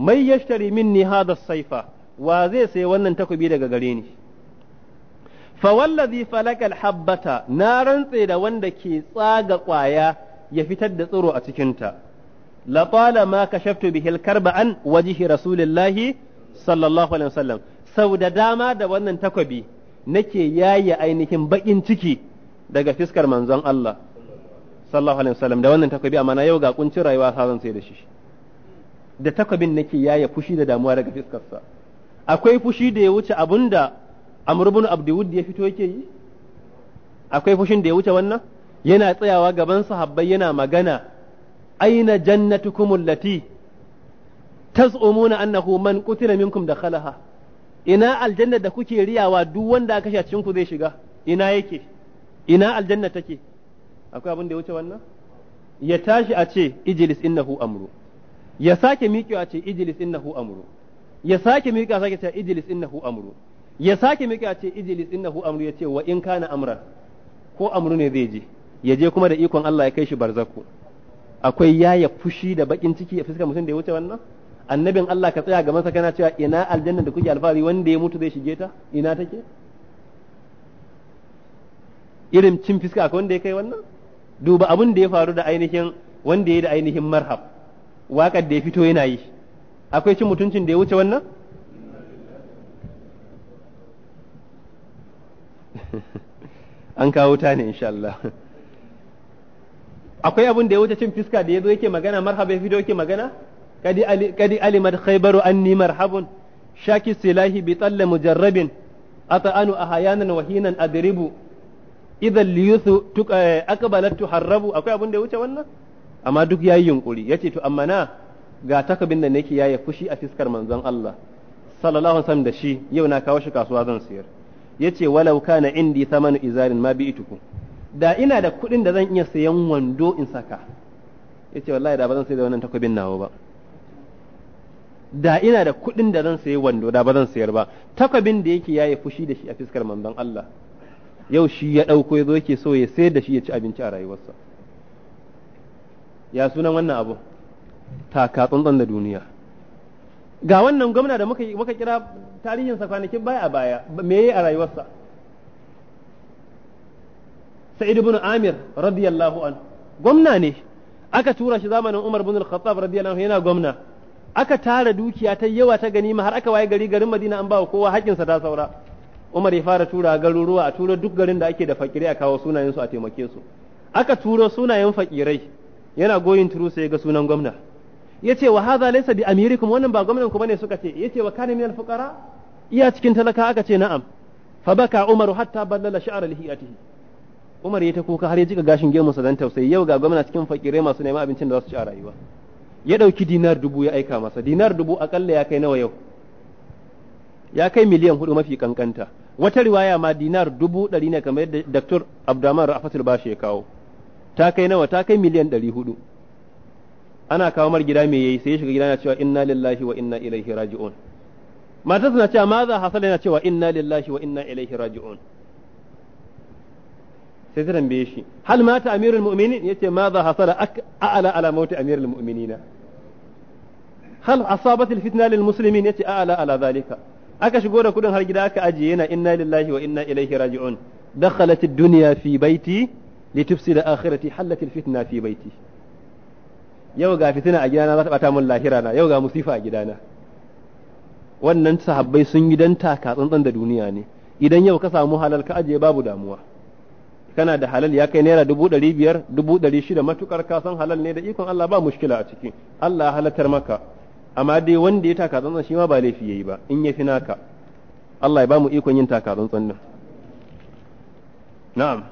S1: mai yashtari minni hadha sayfa wa zai sayi wannan takwabi daga gare ni Fa fawallazi falakal habbata na rantse da wanda ke tsaga kwaya ya fitar da tsiro a cikinta laƙwala ma kashaftu bihil karba'an wajihi rasulillahi sallallahu alaihi wasallam sau da dama da wannan takwabi nake yaye ainihin baƙin ciki daga fiskar manzon Allah sallallahu alaihi wasallam da wannan takwabi amma na yau ga kuncin rayuwa sa zan sai da shi da takwabin nake yaye fushi da damuwa daga fiskarsa akwai fushi da ya wuce abunda amr ibn abdud ya fito yake yi akwai fushin da ya wuce wannan yana tsayawa gaban sahabbai yana magana aina jannatukum allati taz'umuna annahu man qutila minkum dakhalaha ina aljanna da kuke riyawa duk wanda aka sha cikin ku zai shiga ina yake ina aljanna take akwai abin da ya wuce wannan ya tashi a ce ijlis innahu amru ya sake miƙewa a ce ijlis innahu amru ya sake miƙewa sake ce ijlis innahu amru ya sake miƙe a ce ijlis innahu amru ya ce wa in kana amran ko amru ne zai je ya je kuma da ikon Allah ya kai shi barzakku akwai yaya fushi da bakin ciki a fuskar mutum da ya wuce wannan annabin Allah ka tsaya ga masa kana cewa ina aljanna da kuke alfahari wanda ya mutu zai shige ta ina take irin cin fiska akwai wanda ya kai wannan duba abin da ya faru da ainihin wanda ya yi da ainihin marhab waƙar da ya fito yana yi akwai cin mutuncin da ya wuce wannan an kawo ta ne insha Allah akwai abin da ya wuce cin fiska da yazo yake magana marhaba ya fito yake magana kadi ali kadi mad khaybaru anni marhabun shaki silahi bi talla mujarrabin ata'anu ahayanan wahinan adribu idan liyuthu akbalatu eh, harabu akwai abin da ya wuce wannan amma duk yayi yunkuri yace to amma na ga takabin da nake yaya fushi a fiskar manzon Allah sallallahu alaihi wasallam da shi yau na kawo shi kasuwa zan siyar yace walau kana indi thamanu izarin ma bi'tuku da ina da kuɗin da zan iya sayan wando in saka yace wallahi da ba zan sai da wannan takobin nawa ba da ina da kuɗin da zan sayi wando da ba zan sayar ba takobin da yake yayi fushi da shi a fiskar manzon Allah yau shi ya ɗauko ya zo yake so ya sayar da shi ya ci abinci a rayuwarsa ya sunan wannan abu taka tsantsan da duniya ga wannan gwamna da muka muka kira tarihinsa kwanakin baya a baya me yayi a rayuwarsa Sa'id ibn Amir radiyallahu an gwamna ne aka tura shi zamanin Umar ibn al-Khattab radiyallahu yana gwamna aka tara dukiya ta yawa ta ma har aka waye gari garin Madina an bawa kowa haƙinsa ta saura Umar ya fara tura garuruwa a tura duk garin da ake da fakirai a kawo sunayen a taimake su aka turo sunayen fakirai yana goyin turu sai ga sunan gwamna yace wa hadha laysa bi amirikum wannan ba gwamnatin ku bane suka ce yace wa kana al fuqara iya cikin talaka aka ce na'am fa baka umaru hatta ballala sha'ra lihiyatihi umar ya ta kuka har ya jika gashin gemu sa dan tausayi yau ga gwamna cikin fakire masu neman abincin da za su ci a rayuwa ya dauki dinar dubu ya aika masa dinar dubu akalla ya kai nawa yau ya kai miliyan hudu mafi kankanta wata riwaya ma dinar dubu ɗari ne kamar yadda Dr. Abdurrahman Rafatul Bashi ya kawo ta kai nawa ta kai miliyan ɗari hudu ana kawo mar gida me yayi sai ya shiga gida yana cewa inna lillahi wa inna ilaihi raji'un matarsa na cewa maza hasala yana cewa inna lillahi wa inna ilaihi raji'un sai ta tambaye shi hal mata amirul mu'minin yace maza hasala a'ala ala mauti amirul mu'minina hal asabat al fitna lil muslimin yace a'ala ala zalika aka shigo da kudin har gida aka ajiye yana inna lillahi wa inna ilaihi raji'un dakhalat ad-dunya fi baiti litufsida akhirati halat al fitna fi baiti yau ga fitina a gidana za ta bata min lahira na yau ga musifa a gidana wannan sahabbai sun yi dan taka tsantsan da duniya ne idan yau ka samu halal ka ajiye babu damuwa kana da halal ya kai naira dubu ɗari biyar dubu ɗari shida matukar ka san halal ne da ikon Allah ba mushkila a ciki Allah ya halatar maka amma dai wanda ya taka tsantsan shi ma ba laifi yayi ba in ya fi naka Allah ya ba mu ikon yin taka tsantsan nan na'am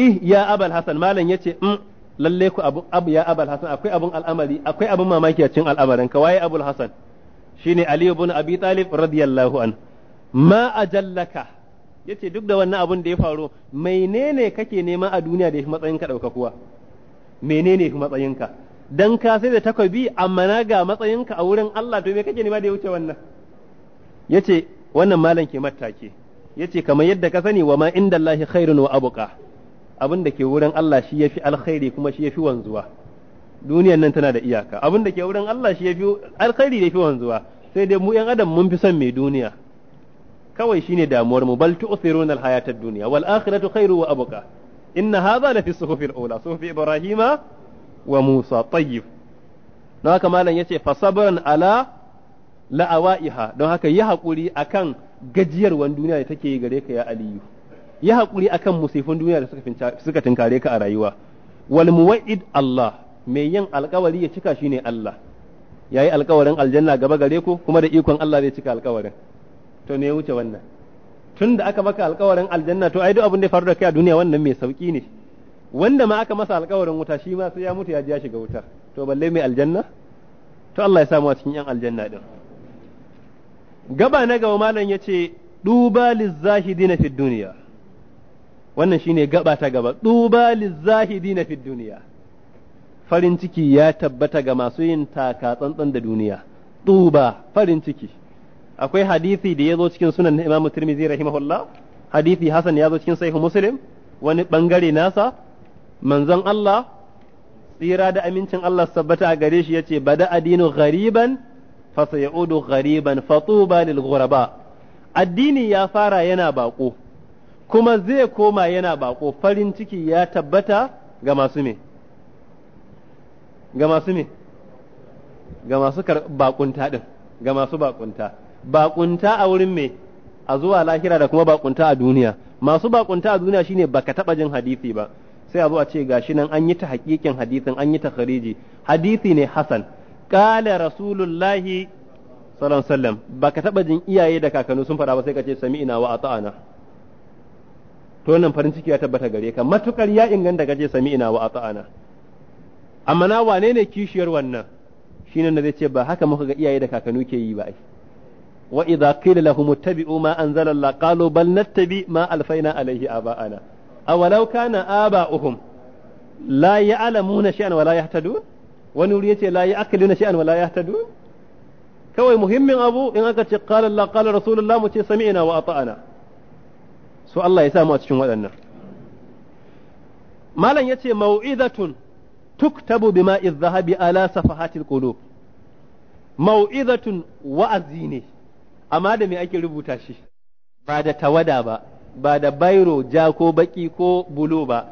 S1: ih ya abal hasan malam yace mm lalle ku abu abu ya abul hasan akwai abun al'amari akwai abun mamaki a cikin al'amarin ka waye abul hasan shine ali ibn abi talib radiyallahu an ma ajallaka yace duk da wannan abun da ya faru menene kake nema a duniya da matsayin ka dauka kuwa menene matsayin ka dan ka sai da takobi amma na ga matsayin ka a wurin Allah to me kake nema da ya wuce wannan yace wannan malam ke mattake yace kamar yadda ka sani wa ma indallahi khairun wa abqa abin da ke wurin Allah shi fi alkhairi kuma shi fi wanzuwa duniyan nan tana da iyaka abin da ke wurin Allah shi fi alkhairi da fi wanzuwa sai dai mu yan adam mun fi son mai duniya kawai shine damuwar mu bal tu'thiruna alhayatad dunya wal akhiratu khairu wa abqa inna hadha la fi suhufil ula suhufi ibrahima wa musa tayyib na haka malam yace fasabran ala la'awa'iha don haka yi hakuri akan wan duniya da take gare ka ya aliyu yi haƙuri akan musifin duniya da suka tinkare ka a rayuwa wal muwa'id Allah mai yin alkawari ya cika shine Allah yayi alkawarin aljanna gaba gare ku kuma da ikon Allah zai cika alkawarin to ne ya wuce wannan tun da aka maka alkawarin aljanna to ai duk abin da ya faru da kai a duniya wannan mai sauki ne wanda ma aka masa alkawarin wuta shi ma sai ya mutu ya ji ya shiga wuta to balle mai aljanna to Allah ya samu a cikin yan aljanna din gaba na gaba malam yace duba lizahidina fid duniya wannan shine gaba ta gaba duba lizahidina fi duniya farin ciki ya tabbata ga masu yin taka tsantsan da duniya duba farin ciki akwai hadisi da ya zo cikin sunan na imamu tirmidhi rahimahullah hadisi hasan ya zo cikin sahih muslim wani bangare nasa manzon Allah tsira da amincin Allah sabbata a gare shi yace bada adinu ghariban fa sayaudu ghariban fa tuba lil ghuraba addini ya fara yana bako kuma zai koma yana bako farin ciki ya tabbata ga masu ne ga masu ne ga masu bakunta din ga masu bakunta bakunta a wurin me a zuwa lahira da kuma bakunta a duniya masu bakunta a duniya shine baka taba jin hadisi ba sai a zo a ce gashi nan an yi ta hakikin hadisin an yi ta khariji hadisi ne hasan qala rasulullahi sallallahu alaihi wasallam baka taba jin iyaye da kakanni sun fara ba sai ka ce sami'ina wa ata'ana to wannan farin ciki ya tabbata gare ka matukar ya inganta gaje sami ina wa ata'ana amma na wane ne kishiyar wannan shine na zai ce ba haka muka ga iyaye da kakanu ke yi ba ai wa idza qila lahum ittabi'u ma anzala Allah qalu bal nattabi ma alfaina alaihi aba'ana law kana aba'uhum la ya'lamuna shay'an wa la yahtadun wani wuri yace la ya'kuluna shay'an wa la yahtadun kawai muhimmin abu in aka ce qala Allah qala rasulullah mu ce sami'na wa ata'ana so Allah ya samu a cikin waɗannan malam yace mau'izatun tuktabu bima zahabi ala safahatil qulub mau'izatun wa'azi ne amma da me ake rubuta shi ba da tawada ba ba da bairo ja ko baki ko bulo ba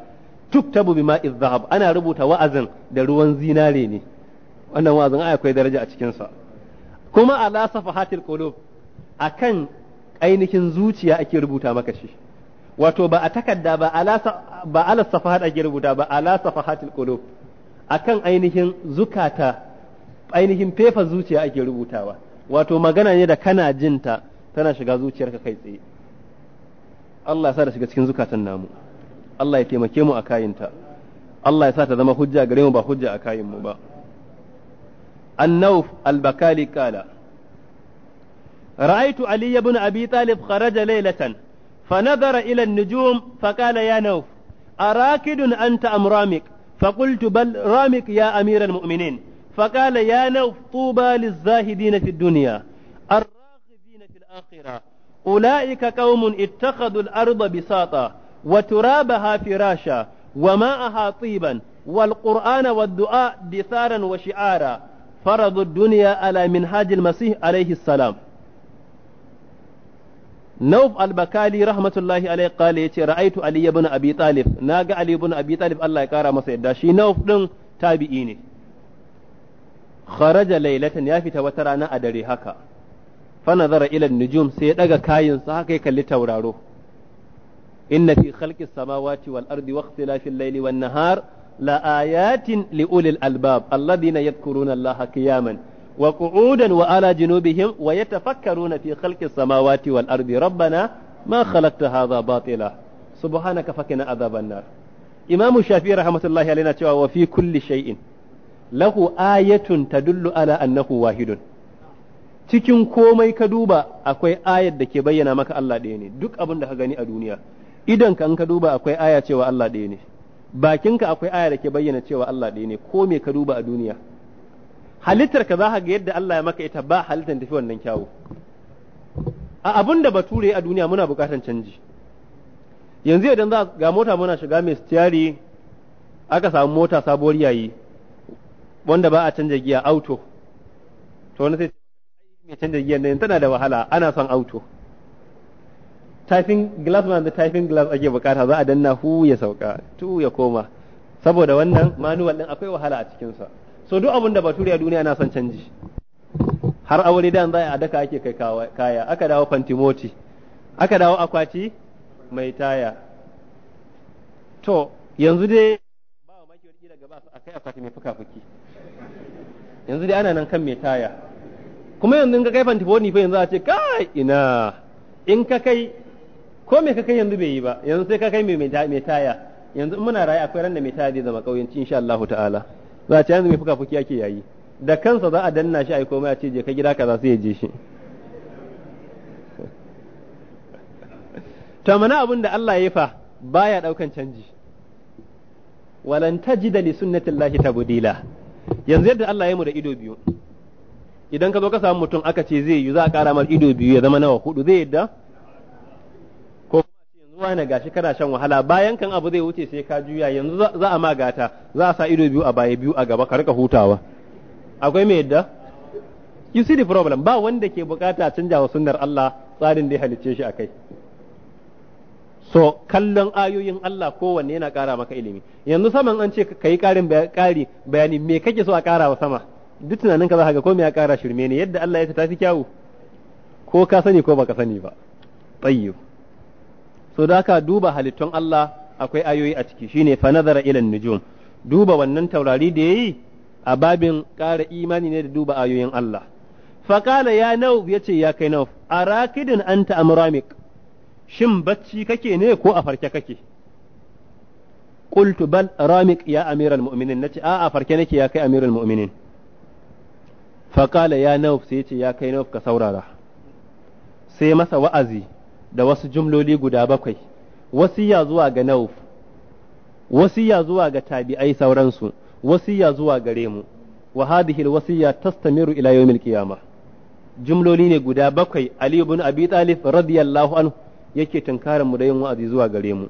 S1: tuktabu bima zahab ana rubuta wa'azin da ruwan zinare ne wannan wa'azin ai akwai daraja a cikinsa. kuma ala safahatil qulub akan ainihin zuciya ake rubuta maka shi wato ba a takarda ba ba ala safahat ake rubuta ba ala safahatil qulub akan ainihin zukata ainihin fefa zuciya ake rubutawa wato magana ne da kana jinta tana shiga zuciyarka kai tsaye Allah ya sa da shiga cikin zukatan namu Allah ya taimake mu a kayinta Allah ya sa ta zama hujja gare mu ba hujja a kayin mu ba النوف البكالي قال رأيت علي بن أبي طالب خرج ليلة فنظر إلى النجوم فقال يا نوف أراكد أنت أم رامك فقلت بل رامك يا أمير المؤمنين فقال يا نوف طوبى للزاهدين في الدنيا الراغبين
S2: في الآخرة
S1: أولئك قوم اتخذوا الأرض بساطا وترابها فراشا وماءها طيبا والقرآن والدعاء دثارا وشعارا فرضوا الدنيا على منهاج المسيح عليه السلام Nauf al-Bakali rahmatullahi alaihi qala yace ra'aitu Ali ibn Abi Talib naga Ali ibn Abi Talib Allah ya kara masa yadda shi Nauf din tabi'i ne kharaja laylatan ya fita wata rana a dare haka fa nazara ila nujum sai ya daga kayin su haka ya kalli tauraro inna fi khalqis samawati wal ardi wa ikhtilafil layli wan nahar la ayatin li ulil albab alladhina yadhkuruna Allaha qiyaman wa qu'udan wa ala junubihim wa yatafakkaruna fi khalqi samawati wal ardi rabbana ma khalaqta hadha batila subhanaka fakina adhaban nar imamu shafi'i rahmatullahi alayhi na cewa wa fi kulli shay'in lahu ayatun tadullu ala annahu wahidun cikin komai ka duba akwai ayar da ke bayyana maka Allah ɗaya ne duk abin da ka gani a duniya idan ka ka duba akwai aya cewa Allah ɗaya ne bakinka akwai aya da ke bayyana cewa Allah ɗaya ne ko me ka duba a duniya halittar ka za ka ga yadda Allah ya maka ita ba halittar tafi wannan kyawu a abin da bature a duniya muna bukatan canji yanzu idan za ga mota muna shiga mai stiyari aka samu mota sabuwar yayi wanda ba a canja giya auto to wani sai mai canja giya nan tana da wahala ana son auto typing glass man da typing glass ake bukata za a danna hu ya sauka tu ya koma saboda wannan manual din akwai wahala a cikin sa so duk abin da bature a duniya na son canji har aure dan za a daka ake kai kaya aka dawo fantimoti aka dawo akwati mai taya to yanzu dai ba wa maki wata gaba su akai akwati mai fuka-fuki yanzu dai ana nan kan mai taya kuma yanzu in ka kai fantimoti fa yanzu a ce kai ina in ka kai ko me ka kai yanzu bai yi ba yanzu sai ka kai mai taya yanzu in muna raye akwai ran da mai taya zai zama kauyanci insha Allah ta'ala za a ce yanzu mai fuka fuki ake yayi da kansa za a danna shi a yi komai a ce je ka gida kaza sai ya je shi to mana abin da Allah ya fa baya daukan canji walan tajida li sunnatillahi tabdila yanzu yadda Allah ya mu da ido biyu idan ka zo ka samu mutum aka ce zai yi za a kara mar ido biyu ya zama nawa hudu zai yadda ne gashi kana shan wahala bayan kan abu zai wuce sai ka juya yanzu za a magata za a sa ido biyu a baya biyu a gaba ka rika hutawa akwai mai yadda you see the problem ba wanda ke bukata canja wa sunnar Allah tsarin da ya halicce shi akai so kallon ayoyin Allah kowanne yana kara maka ilimi yanzu saman an ce kai karin bayani bayani me kake so a kara wa sama duk tunanin ka za ka ga ko me ya kara shirme ne yadda Allah ya ta tafi kyawu ko ka sani ko baka sani ba tayyib so da ka duba halittun Allah akwai ayoyi a ciki shine fa nazara ilan nujum duba wannan taurari da yayi a babin ƙara imani ne da duba ayoyin Allah kala ya nau ya ce ya kai nau a rakidin an shin bacci kake ne ko a farke kake qultu bal ramik ya amiral mu'minin nace a a farke nake ya kai amiral mu'minin kala ya nau sai ya ce ya kai nau ka saurara sai masa wa'azi da wasu jumloli guda bakwai wasiya zuwa ga nauf wasiya zuwa ga tabi'ai sauransu wasiya zuwa gare mu wa hadhihi alwasiya tastamiru ila yawmil qiyamah jumloli ne guda bakwai ali ibn abi talib radiyallahu anhu yake tunkarin mu da yin wa'azi zuwa gare mu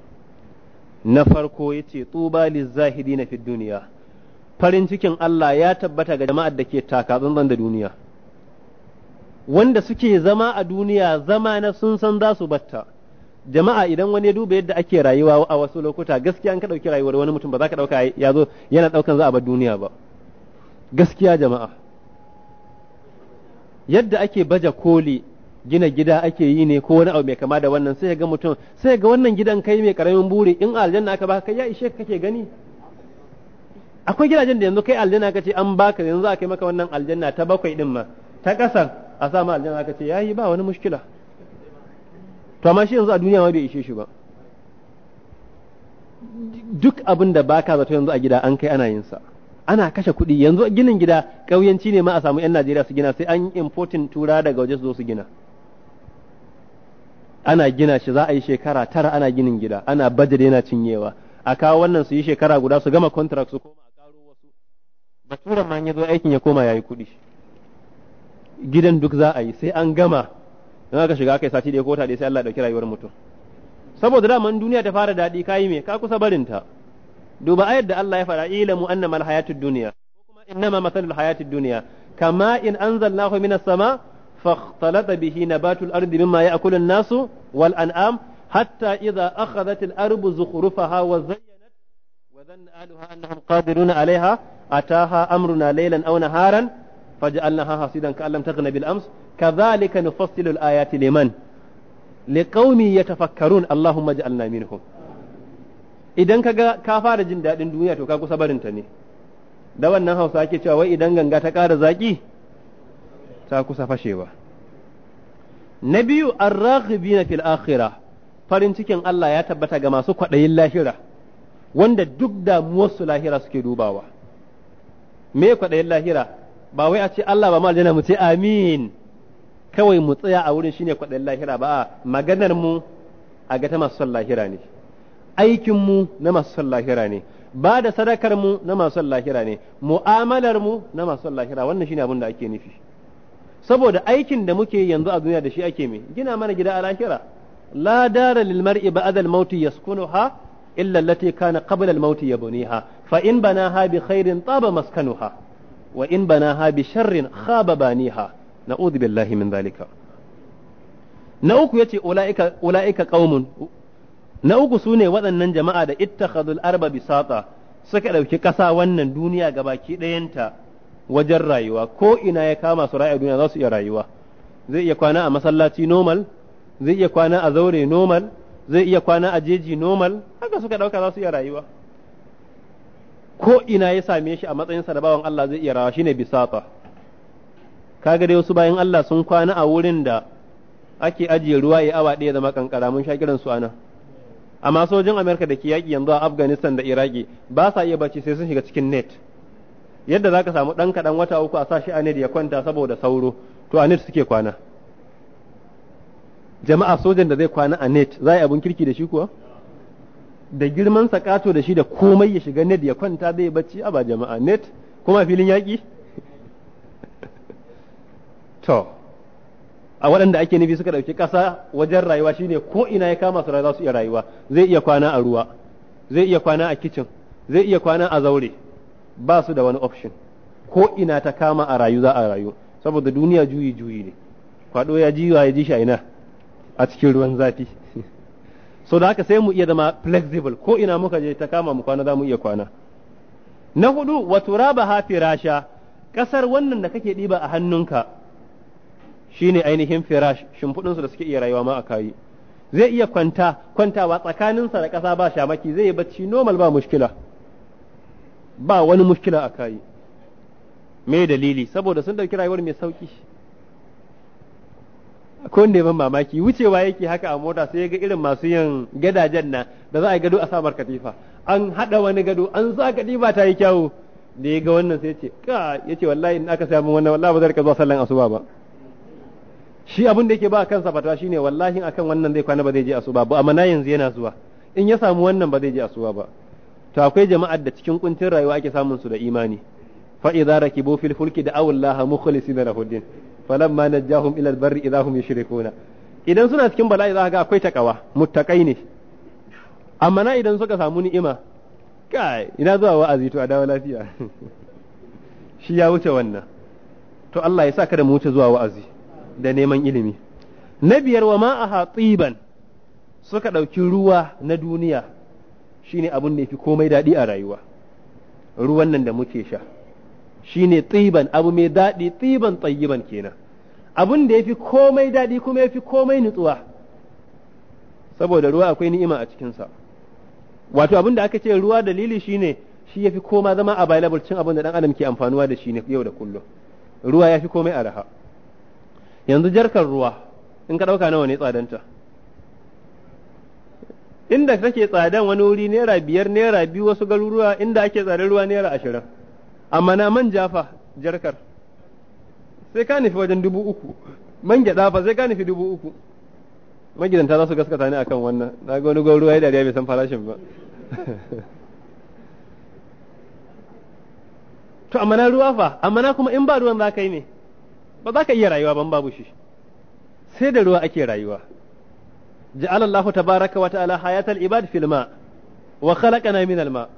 S1: na farko yace tuba lizahidina fid duniya farin cikin Allah ya tabbata ga jama'ar da ke taka tsantsan da duniya wanda suke zama a duniya zama na sun san za su batta jama'a idan wani ya duba yadda ake rayuwa a wasu lokuta gaskiya an ka ɗauki rayuwar wani mutum ba za ka ɗauka ya zo yana ɗaukan za a bar duniya ba gaskiya jama'a yadda ake baje koli gina gida ake yi ne ko wani abu mai kama da wannan sai ga mutum sai ga wannan gidan kai mai karamin buri in aljanna aka baka kai ya ishe kake gani akwai gidajen da yanzu kai aljanna kace an baka yanzu aka yi maka wannan aljanna ta bakwai din ma ta kasan a sa ma aljanna aka ce yayi ba wani mushkila to amma shi yanzu a duniya ma bai ishe shi ba duk abin da baka zato yanzu a gida an kai ana yin sa ana kashe kuɗi yanzu ginin gida ƙauyenci ne ma a samu 'yan Najeriya su gina sai an importin tura daga waje su zo su gina ana gina shi za a yi shekara tara ana ginin gida ana bajet yana cinyewa a kawo wannan su yi shekara guda su gama contract su koma a karo wasu baturan ma ya zo aikin ya koma ya yi kuɗi gidan duk za a yi sai an gama in aka shiga kai sati ɗaya ko ta ɗaya sai Allah ya ɗauki rayuwar mutum saboda daman duniya ta fara daɗi yi me ka kusa barinta duba ayar da Allah ya faɗa mu annama alhayatud duniya. kuma innama masalul hayatid duniya kama in anzalnahu minas sama فاختلط به نبات الأرض مما يأكل الناس والأنعام حتى إذا أخذت الأرض زخرفها وزينت وظن أهلها أنهم قادرون عليها أتاها أمرنا ليلا أو نهارا فجعلناها حصيدا كأن لم تغن بالأمس كذلك نفصل الآيات لمن لقوم يتفكرون اللهم اجعلنا منهم idan kaga ka fara jin daɗin duniya to ka kusa barinta ne da wannan hausa ake cewa wai idan ganga ta ƙara zaƙi ta kusa fashewa na biyu na fil akhira farin cikin Allah ya tabbata ga masu kwaɗayin lahira wanda duk damuwarsu lahira suke dubawa me kwaɗayin lahira ba wai a ce Allah ba mu aljanna mu ce amin kawai mu tsaya a wurin shine kwaɗayin lahira ba maganar mu a ga ta masu son lahira ne aikin mu na masu son lahira ne ba da sadakar mu na masu son lahira ne mu'amalar mu na masu son lahira wannan shine abin da ake nufi saboda aikin da muke yanzu a duniya da shi ake me gina mana gida a lahira la dara lil mar'i ba'da al mauti yaskunuha illa allati kana qabla al mauti yabniha fa in banaha bi khairin taba maskanuha wa in bana ha bi sharrin khaba baniha na'udhu billahi min zalika na uku yace ulaika ulaika qaumun na uku sune waɗannan jama'a da ittakhadul arba bisata suka dauki kasa wannan duniya gabaki ɗayanta wajen rayuwa ko ina ya kama su rayuwa duniya za su iya rayuwa zai iya kwana a masallaci normal zai iya kwana a zaure normal zai iya kwana a jeji normal haka suka dauka za su iya rayuwa ko ina ya same shi a matsayinsa da bawan Allah zai iya rawa shine bisata kaga dai wasu bayan Allah sun kwana a wurin da ake ajiye ruwa ya awa ɗaya zama kankara mun sha kiran su ana amma sojin Amerika da ke yaƙi yanzu a Afghanistan da Iraki ba sa iya bacci sai sun shiga cikin net yadda za ka samu ɗan kaɗan wata uku a sa shi a net ya kwanta saboda sauro to a net suke kwana jama'a sojan da zai kwana a net za a yi abin kirki da shi kuwa da girman sa kato da shi da komai ya shiga net ya kwanta zai bacci a ba jama'a net kuma filin yaƙi to a waɗanda ake nufi suka ɗauki ƙasa wajen rayuwa shine ko ina ya kama su za su iya rayuwa zai iya kwana a ruwa zai iya kwana a kicin zai iya kwana a zaure ba su da wani option ko ina ta kama a rayu za a rayu saboda duniya juyi juyi ne kwado ya ji ya ji shi a ina a cikin ruwan zafi so da haka sai mu iya zama flexible ko ina muka je ta kama mu kwana za mu iya kwana na hudu wa turaba ha firasha kasar wannan da kake diba a hannunka shine ainihin firash shimfudin su da suke iya rayuwa ma a kayi zai iya kwanta kwantawa tsakaninsa da kasa ba shamaki zai yi bacci normal ba mushkila ba wani mushkila a kayi me dalili saboda sun dauki rayuwar mai sauki ko ne ban mamaki wucewa yake haka a mota sai ga irin masu yin gadajen nan da za a gado a samar katifa an hada wani gado an sa katifa ta yi kyawu da ya ga wannan sai ce ka yace wallahi in aka samu wannan wallahi ba zai rika zuwa sallan asuba ba shi abin da yake ba kansa fata shine wallahi akan wannan zai kwana ba zai je asuba ba amma na yanzu yana zuwa in ya samu wannan ba zai je asuba ba to akwai jama'ar da cikin kuntin rayuwa ake samun su da imani fa idza rakibu fil fulki da awallaha mukhlisina lahu Falam ma najjahum ila albarri idahum yushrikuna idan suna cikin bala'i za ka ga akwai takawa muttaqai ne amma na idan suka samu ni'ima kai ina zuwa wa'azi to a dawo lafiya shi ya wuce wannan to Allah ya sa ka da mu wuce zuwa wa'azi da neman ilimi na biyar wa ma'aha tsiban suka dauki ruwa na duniya shine abun da ya fi komai daɗi a rayuwa ruwan nan da muke sha shine tsiban abu mai daɗi tsiban tsayiban kenan abin da yafi komai daɗi kuma yafi komai nutsuwa saboda ruwa akwai ni'ima a cikinsa wato abin da aka ce ruwa dalili shine shi yafi koma zama available cin abin da dan adam ke amfanuwa da shi ne yau da kullum ruwa yafi komai araha yanzu jarkar ruwa in ka ɗauka nawa ne tsadanta inda take tsadan wani wuri naira biyar naira biyu wasu garuruwa inda ake tsadar ruwa naira ashirin amma na manja fa jarkar sai ka nufi wajen dubu uku man gyaɗa fa sai ka nufi dubu uku magidanta za su gaskata ne akan wannan na ga wani ruwa ya dariya bai san farashin ba to amma na ruwa fa amma na kuma in ba ruwan za ka yi ne ba za ka iya rayuwa ban babu shi sai da ruwa ake rayuwa ja'ala Allahu tabaraka wa ta'ala hayatal ibad fil ma wa khalaqana min al ma'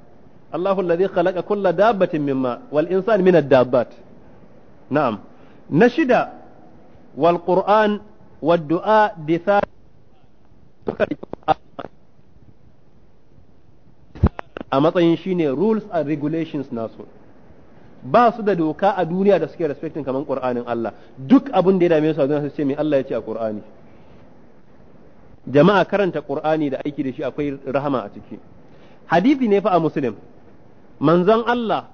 S1: Allahu alladhi khalaqa kulla dabbatin mimma wal insan min ad-dabbat na'am na shida wal qur'an wad du'a bi a matsayin ne rules and regulations nasu ba su da doka a duniya da suke respecting kaman ƙur'anin Allah duk abin da ya dame su a duniya su ce me Allah ya ce a ƙur'ani. jama'a karanta ƙur'ani da aiki da shi akwai rahama a ciki hadisi ne fa a muslim manzon Allah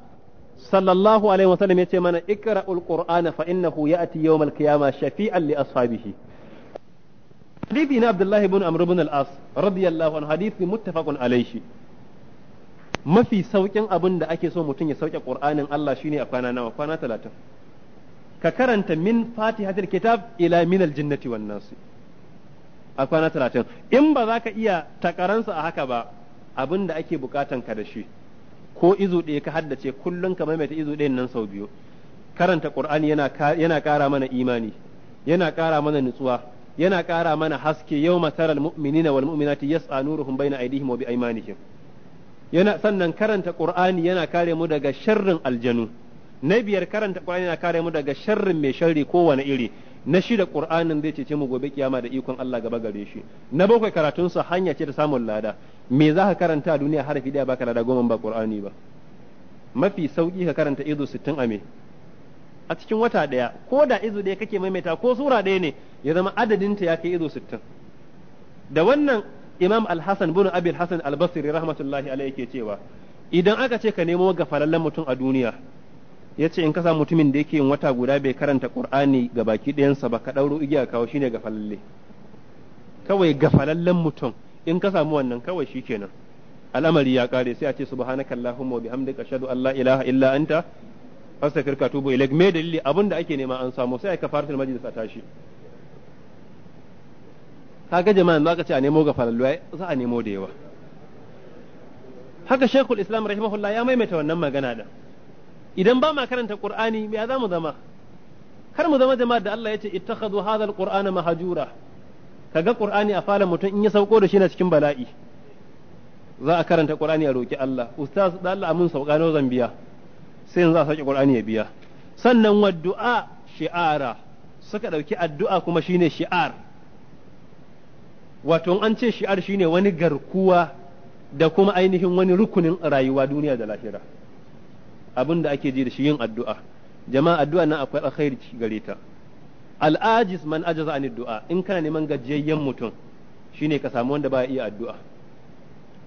S1: sallallahu alaihi wasallam yace mana ikra'ul qur'ana fa innahu ya'ti yawmal qiyama shafi'an li ashabihi Bibi na Abdullahi ibn Amr ibn al-As radiyallahu anhu hadisi muttafaqun alaihi mafi saukin abin da ake so mutum ya sauke kur'anin Allah shine a kwana nawa kwana 30 ka karanta min fatihatul kitab ila min al-jannati wan a kwana 30 in ba za ka iya takaransa a haka ba abin da ake bukatan ka da shi ko izu ɗaya ka haddace kullum ka maimaita izu ɗayan nan sau biyu karanta qur'ani yana yana ƙara mana imani yana ƙara mana nutsuwa yana ƙara mana haske yau tara taral mu'minina wal mu'minati yas'a nuruhum baina aydihim wa bi aymanihim yana sannan karanta qur'ani yana kare mu daga sharrin aljanu na biyar karanta ƙur'ani yana kare mu daga sharrin mai sharri kowane iri na shida qur'anin zai ce mu gobe kiyama da ikon Allah gaba gare shi na bakwai karatun sa hanya ce ta samun lada me za ka karanta a duniya harafi daya baka lada goma ba qur'ani ba mafi sauki ka karanta izu 60 a me a cikin wata ɗaya ko da izu daya kake maimaita ko sura daya ne ya zama adadin ta ya kai izu sittin. da wannan imam al-hasan bin abi al-hasan rahmatullahi alayhi ke cewa idan aka ce ka nemo gafalallen mutum a duniya Ya ce in ka sa mutumin da yake yin wata guda bai karanta ƙur'ani ga baki ɗayansa ba ka ɗauro igiya kawo shine gafalalle kawai gafalallen mutum in ka samu wannan kawai shikenan al'amari ya kare sai a ce subhanaka allahumma wa bihamdika ashhadu an la ilaha illa anta astaghfiruka wa atubu ilaik me dalili abin da ake nema an samu sai ka kafaratul majlis a tashi kaga jama'an ka ce a nemo gafalallu ai za a nemo da yawa haka shekul islam rahimahullah ya maimaita wannan magana da idan ba ma karanta qur'ani me za mu zama kar mu zama jama'a da Allah ya ce ittakhadhu hadha alqur'ana mahjura kaga qur'ani a falan mutum in ya sauko da shi na cikin bala'i za a karanta qur'ani a roki Allah ustaz da Allah amun sauka na zan biya sai yanzu a sauke qur'ani ya biya sannan wa du'a shi'ara suka dauki addu'a kuma shine shi'ar wato an ce shi'ar shine wani garkuwa da kuma ainihin wani rukunin rayuwa duniya da lahira abin da ake ji da shi yin addu'a jama'a addu'a nan akwai alkhairi gare ta al'ajis man ajaza anid du'a in kana neman gajiyayyen mutum shine ka samu wanda ba iya addu'a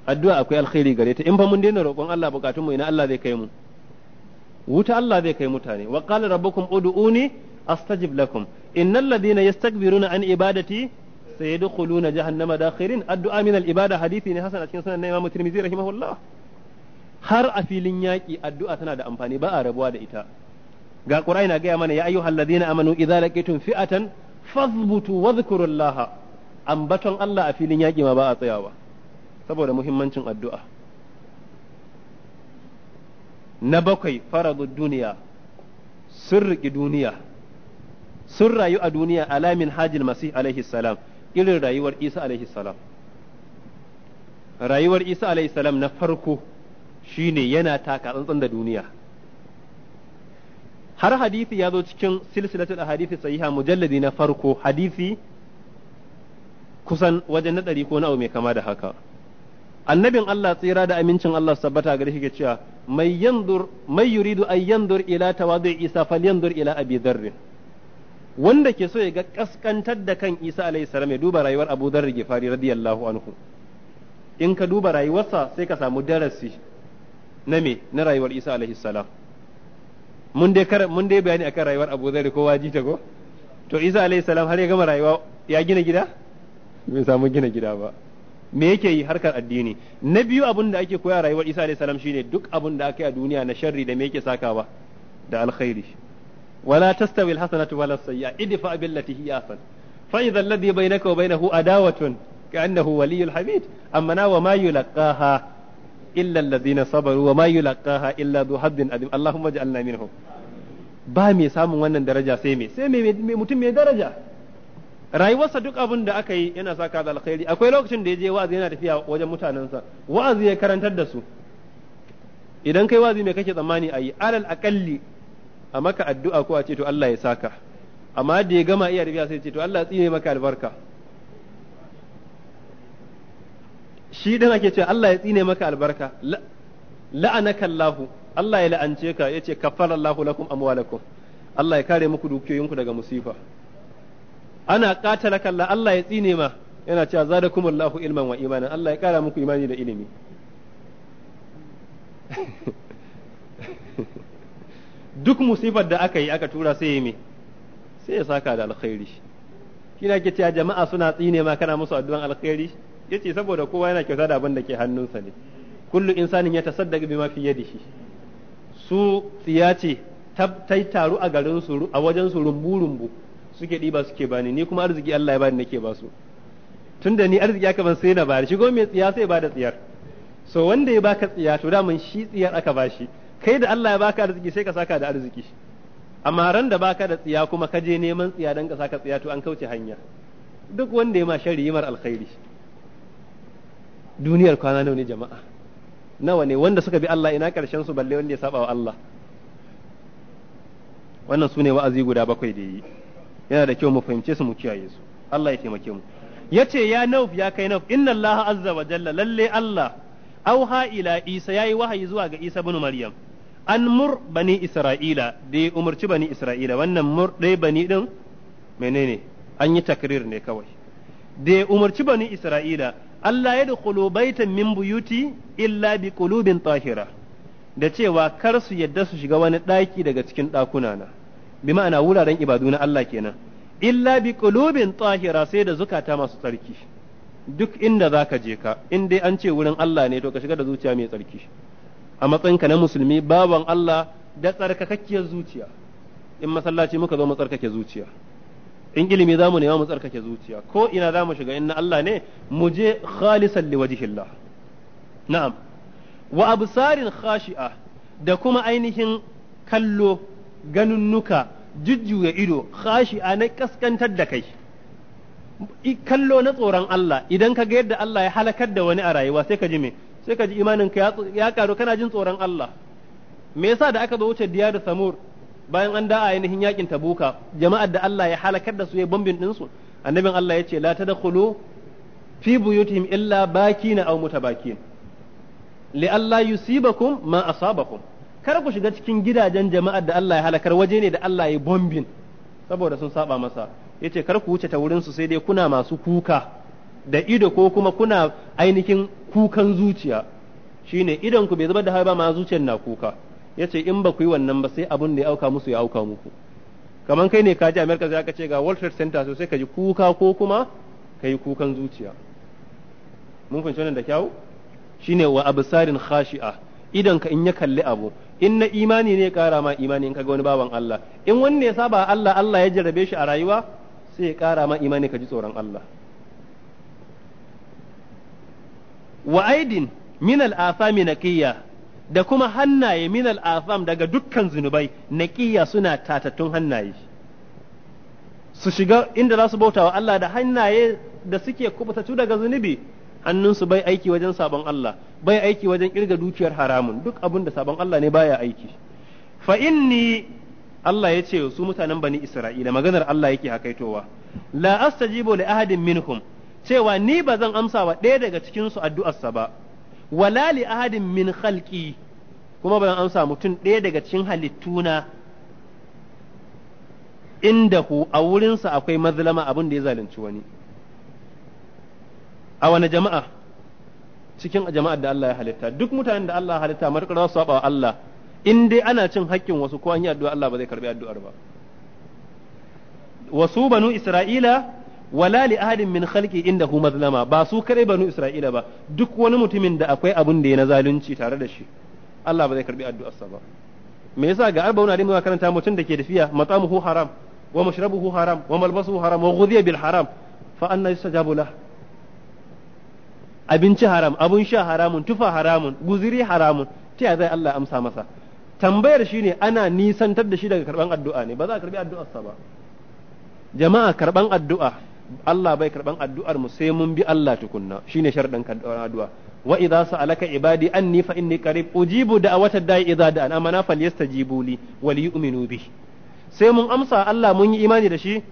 S1: addu'a akwai alkhairi gare ta in fa mun daina roƙon Allah bukatun mu ina Allah zai kai mu wuta Allah zai kai mutane wa qala rabbukum ud'uni astajib lakum innal ladhina yastakbiruna an ibadati sayadkhuluna jahannama dakhirin addu'a min al ibada hadithi ne hasan a cikin sunan Imam Tirmidhi rahimahullah har a filin yaƙi addu'a tana da amfani ba a rabuwa da ita ga qur'ani na gaya mana ya ayyuhal ladina amanu idza laqitum fi'atan fazbutu wadhkurullaha ambaton Allah a filin yaƙi ma ba a tsayawa saboda muhimmancin addu'a na bakwai faradu duniya sun riƙi duniya sun rayu a duniya alamin hajil masih alaihi salam irin rayuwar isa alaihi salam rayuwar isa alaihi salam na farko shi ne yana taka tsantsan da duniya har hadisi ya zo cikin silsilatul ahadisi sahiha mujalladi na farko hadithi kusan wajen na ko na mai kama da haka annabin Allah tsira da amincin Allah sabbata gare shi ke cewa mai yandur mai yuridu a yandur ila tawadu isa fal falyandur ila abi dharr wanda ke so ya ga kaskantar da kan Isa alaihi salam ya duba rayuwar Abu Dharr Gifari radiyallahu anhu in ka duba rayuwarsa sai ka samu darasi na me na rayuwar Isa alaihi salam mun dai mun dai bayani akan rayuwar Abu Dharr ko waji ta go to Isa alaihi salam har ya gama rayuwa ya gina gida bai samu gina gida ba me yake yi harkar addini na biyu abin da ake koya rayuwar Isa alayhi salam shine duk abin da aka yi a duniya na sharri da me yake sakawa da alkhairi wala tastawi alhasanatu wala sayya idfa billati hiya asan fa idha alladhi bainaka wa bainahu adawatun ka'annahu waliyul hamid amma na wa ma yulqaha illa alladhina sabaru wa ma yulaqaha illa dhu haddin adim Allahumma ij'alna minhum ba mai samun wannan daraja sai me sai me mutum mai daraja rayuwarsa duk abin da aka yi yana saka da alkhairi akwai lokacin da ya je wa'azi yana tafiya wajen sa, wa'azi ya karantar da su idan kai wa'azi mai kake tsammani a yi alal aqalli a maka addu'a ko a ce to Allah ya saka amma da ya gama iya rubiya sai ce to Allah ya tsine maka albarka shi din ake cewa Allah ya tsine maka albarka la'anaka Allah Allah ya la'ance ka yace kafara Allah lakum amwalakum Allah ya kare muku dukiyoyinku daga musifa ana qatalaka Allah Allah ya tsine ma yana cewa Allah ilman wa imanan Allah ya kara muku imani da ilimi duk musifar da aka yi aka tura sai me sai ya saka da alkhairi kina ke cewa jama'a suna tsine ma kana musu addu'an alkhairi yace saboda kowa yana kyauta da abin da ke hannunsa ne kullu insanin ya tasaddaqa bima fi yadihi su tsiya ce tai taru a garin su a wajen su rumbu rumbu suke diba suke bani ni kuma arziki Allah ya bani nake ba su tunda ni arziki aka ban sai na bari shi mai tsiya sai ba da tsiyar so wanda ya baka tsiya to mun shi tsiyar aka bashi kai da Allah ya baka arziki sai ka saka da arziki amma ran da baka da tsiya kuma ka je neman tsiya dan ka saka tsiya to an kauce hanya duk wanda ya ma shari yimar alkhairi duniyar kwana nawa ne jama'a nawa ne wanda suka bi Allah ina karshen su balle wanda ya saba wa Allah wannan sune wa'azi guda bakwai da yi yana da kyau mu fahimce su mu kiyaye su Allah ya taimake mu yace ya nauf ya kai nauf inna Allah azza wa jalla lalle Allah auha ila Isa yayi wahayi zuwa ga Isa bin Maryam an mur bani Isra'ila da ya umarci bani Isra'ila wannan mur ɗaya bani din menene an yi takrir ne kawai da ya umarci bani Isra'ila Allah ya dukulu baitan min buyuti illa bi kulubin tahira da cewa kar su yadda su shiga wani ɗaki daga cikin ɗakuna na bi ma'ana wuraren ibadu na Allah kenan illa bi kulubin tahira sai da zukata masu tsarki duk inda zaka je ka in dai an ce wurin Allah ne to ka shiga da zuciya mai tsarki a matsayinka na musulmi bawan Allah da tsarkakakkiyar zuciya in masallaci muka zo mu tsarkake zuciya in ilimi zamu nema mu tsarkake zuciya ko ina zamu shiga inna Allah ne mu je khalisan wajhillah na'am wa absarin khashi'a da kuma ainihin kallo ganunnuka jujjuya ido khashi'a na kaskantar da kai kallo na tsoron Allah idan ka ga yadda Allah ya halakar da wani a rayuwa sai ka ji me sai ka ji imanin ka ya karu kana jin tsoron Allah me yasa da aka zo wuce diyar samur bayan an da ainihin yakin tabuka jama'ar da Allah ya halakar da su ya bombin ɗinsu annabin Allah ya ce la tadkhulu fi buyutihim illa bakina aw mutabakin li alla yusibakum ma asabakum kar ku shiga cikin gidajen jama'ar da Allah ya halakar waje ne da Allah ya bombin saboda sun saba masa yace kar ku wuce ta wurin su sai dai kuna masu kuka da ido ko kuma kuna ainihin kukan zuciya shine idan ku bai zubar da hawa ba ma zuciyar na kuka ya ce in ba ku yi wannan ba sai abun da ya auka musu ya auka muku kamar kai ne ka ji America za ka ce ga World Trade Center sosai ka ji kuka ko kuma ka yi kukan zuciya mun fahimci wannan da kyau shine wa absarin khashi'a idan ka in ya kalli abu in na imani ne kara ma imani in ga wani bawan Allah in wanne ya saba Allah Allah ya jarrabe shi a rayuwa sai ya kara ma imani ka ji tsoron Allah wa aidin min al-afami naqiyya da kuma hannaye minal afam daga dukkan zunubai naqiya suna tatattun hannaye su shiga inda za su bauta wa Allah da hannaye da suke kubutattu daga zunubi hannunsu bai aiki wajen sabon Allah bai aiki wajen kirga dukiyar haramun duk abin da sabon Allah ne baya aiki fa inni Allah ya ce su mutanen bani Isra'ila maganar Allah yake hakaitowa la astajibu li ahadin minhum cewa ni ba zan amsa wa ɗaya daga cikin su addu'arsa ba wala li ahadin min khalqi kuma ban amsa mutum ɗaya daga cikin halittuna ku a wurinsa akwai mazlama abin da ya zalunci wani a wani jama'a cikin jama'ar da Allah ya halitta duk mutanen da Allah ya halitta matukar su saba wa Allah in dai ana cin haƙƙin wasu ko an yi addu'a Allah ba zai karbi addu'ar ba wasu banu Isra'ila wala li ahadin min khalqi indahu mazlama ba su kare banu isra'ila ba duk wani mutumin da akwai abun da ya na zalunci tare da shi Allah ba zai karbi addu'a ba me yasa ga arba'un hadin muka karanta mutum da ke da matsamuhu haram wa mashrabuhu haram wa malbasuhu haram wa ghudhiya bil haram fa anna yustajabu lah abinci haram abun sha haramun tufa haramun guziri haramun ta zai Allah amsa masa tambayar shine ana nisantar da shi daga karban addu'a ne ba za a karbi addu'arsa ba jama'a karɓan addu'a Allah bai karban addu'ar mu sai mun bi Allah tukunna shine sharadin addu'a wa idza sa'alaka ibadi anni fa inni qarib ujibu da'wata da'i idza da'an amana falyastajibu li wal yu'minu bi sai mun amsa Allah mun yi imani da shi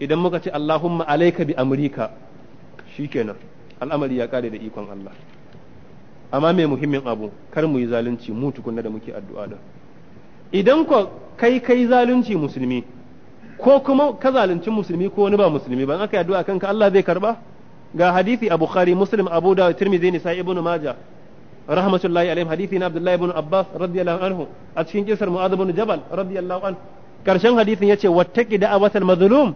S1: idan muka ce Allahumma alayka bi amrika shikenan al'amari ya kare da ikon Allah amma mai muhimmin abu kar mu yi zalunci mu tukunna da muke addu'a da idan ko kai kai zalunci musulmi ko kuma ka zalunci musulmi ko wani ba musulmi ba aka yi addu'a kanka Allah zai karba ga hadisi a Bukhari Muslim Abu Dawud Tirmidhi Nisa'i Ibn Majah rahmatullahi alaihim hadisi na Abdullahi ibn Abbas radiyallahu anhu a cikin kisar Mu'adh ibn Jabal radiyallahu anhu karshen hadisin yace wattaqi da'awatal mazlum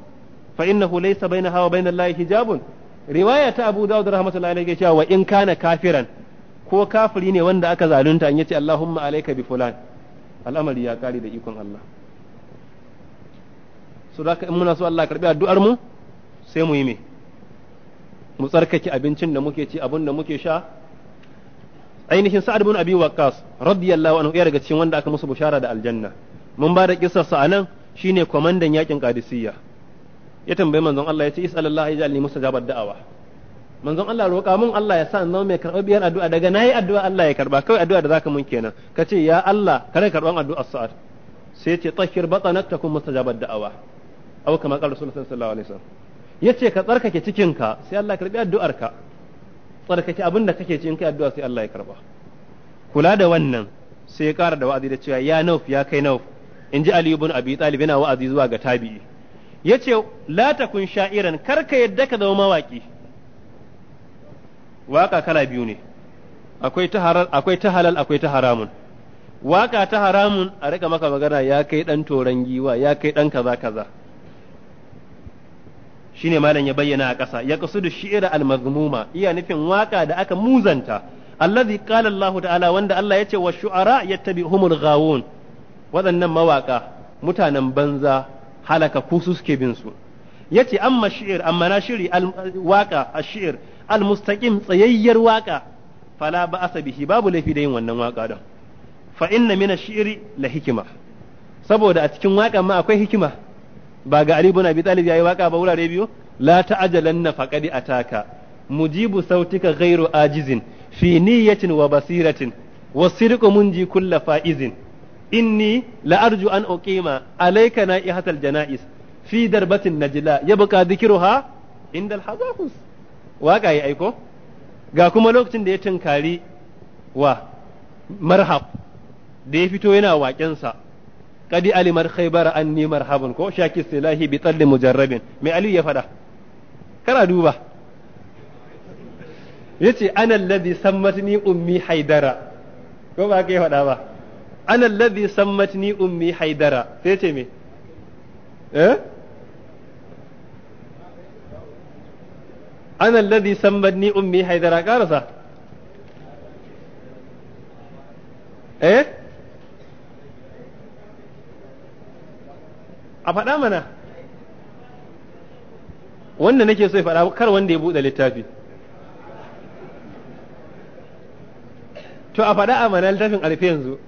S1: fa innahu laysa bainaha wa bainallahi hijabun riwaya ta Abu Dawud rahmatullahi alaihi cewa wa in kana kafiran ko kafiri ne wanda aka zalunta in yace Allahumma alayka bi fulan al'amari ya kare da ikon Allah so da in muna so Allah karbi addu'ar mu sai mu yi me mu tsarkake abincin da muke ci abin da muke sha ainihin sa'ad bin abi waqqas radiyallahu anhu ya daga cikin wanda aka musu bushara da aljanna mun ba da kissar sa anan shine komandan yakin qadisiyya ya tambayi manzon Allah ya ce isallallahu yaj'alni mustajabar da'awa manzon Allah roƙa mun Allah ya sa in zama mai karɓar addu'a daga nayi addu'a Allah ya karba kawai addu'a da zaka mun kenan kace ya Allah kare karban addu'ar sa'ad sai ya ce tahir batanatakum kun da'awa aw kama qala rasulullahi sallallahu alaihi wasallam yace ka tsarkake cikinka sai Allah ya karbi addu'arka tsarkake abin da kake ci in kai addu'a sai Allah ya karba kula da wannan sai ya kara da wa'azi da cewa ya nauf ya kai nauf in ji Ali ibn Abi Talib yana wa'azi zuwa ga tabi'i yace la takun sha'iran kar ka yadda ka zama mawaki waka kala biyu ne akwai ta halal akwai ta halal akwai ta haramun waka ta haramun a rika maka magana ya kai dan toran giwa ya kai dan kaza kaza shine malam ya bayyana a ƙasa ya qasudu shi'ra al-mazmuma iya nufin waka da aka muzanta allazi qala Allah ta'ala wanda Allah yace wa shu'ara yattabi'humul ghawun waɗannan mawaka mutanen banza halaka ku su suke bin su yace amma shi'ir amma na shiri waka a shir al-mustaqim tsayayyar waka fala ba'asa bihi babu laifi da yin wannan waka din fa inna min ash-shi'ri la hikima saboda a cikin waka ma akwai hikima ba ga Ali ibn Abi Talib yayi waka ba wurare biyu la ta'ajalanna faqadi ataka mujibu sautika ghairu ajizin fi niyyatin wa basiratin wa sirqu munji kulla faizin inni la arju an uqima alayka na'ihatal janais fi darbatin najla yabqa dhikruha inda al waka yi aiko ga kuma lokacin da ya tinkari wa marhab da ya fito yana waƙensa Kadi alimar khaybar anni marhaban ko shaki silahi bi talli mujarrabin me ali ya fada kana duba yace ana alladhi sammatni ummi haidara ko ba kai fada ba ana alladhi sammatni ummi haidara sai ce me eh ana alladhi sammatni ummi haidara karasa eh a faɗa mana wanda nake so ya faɗa kar wanda ya buɗe littafi to a faɗa a mana littafin alfi yanzu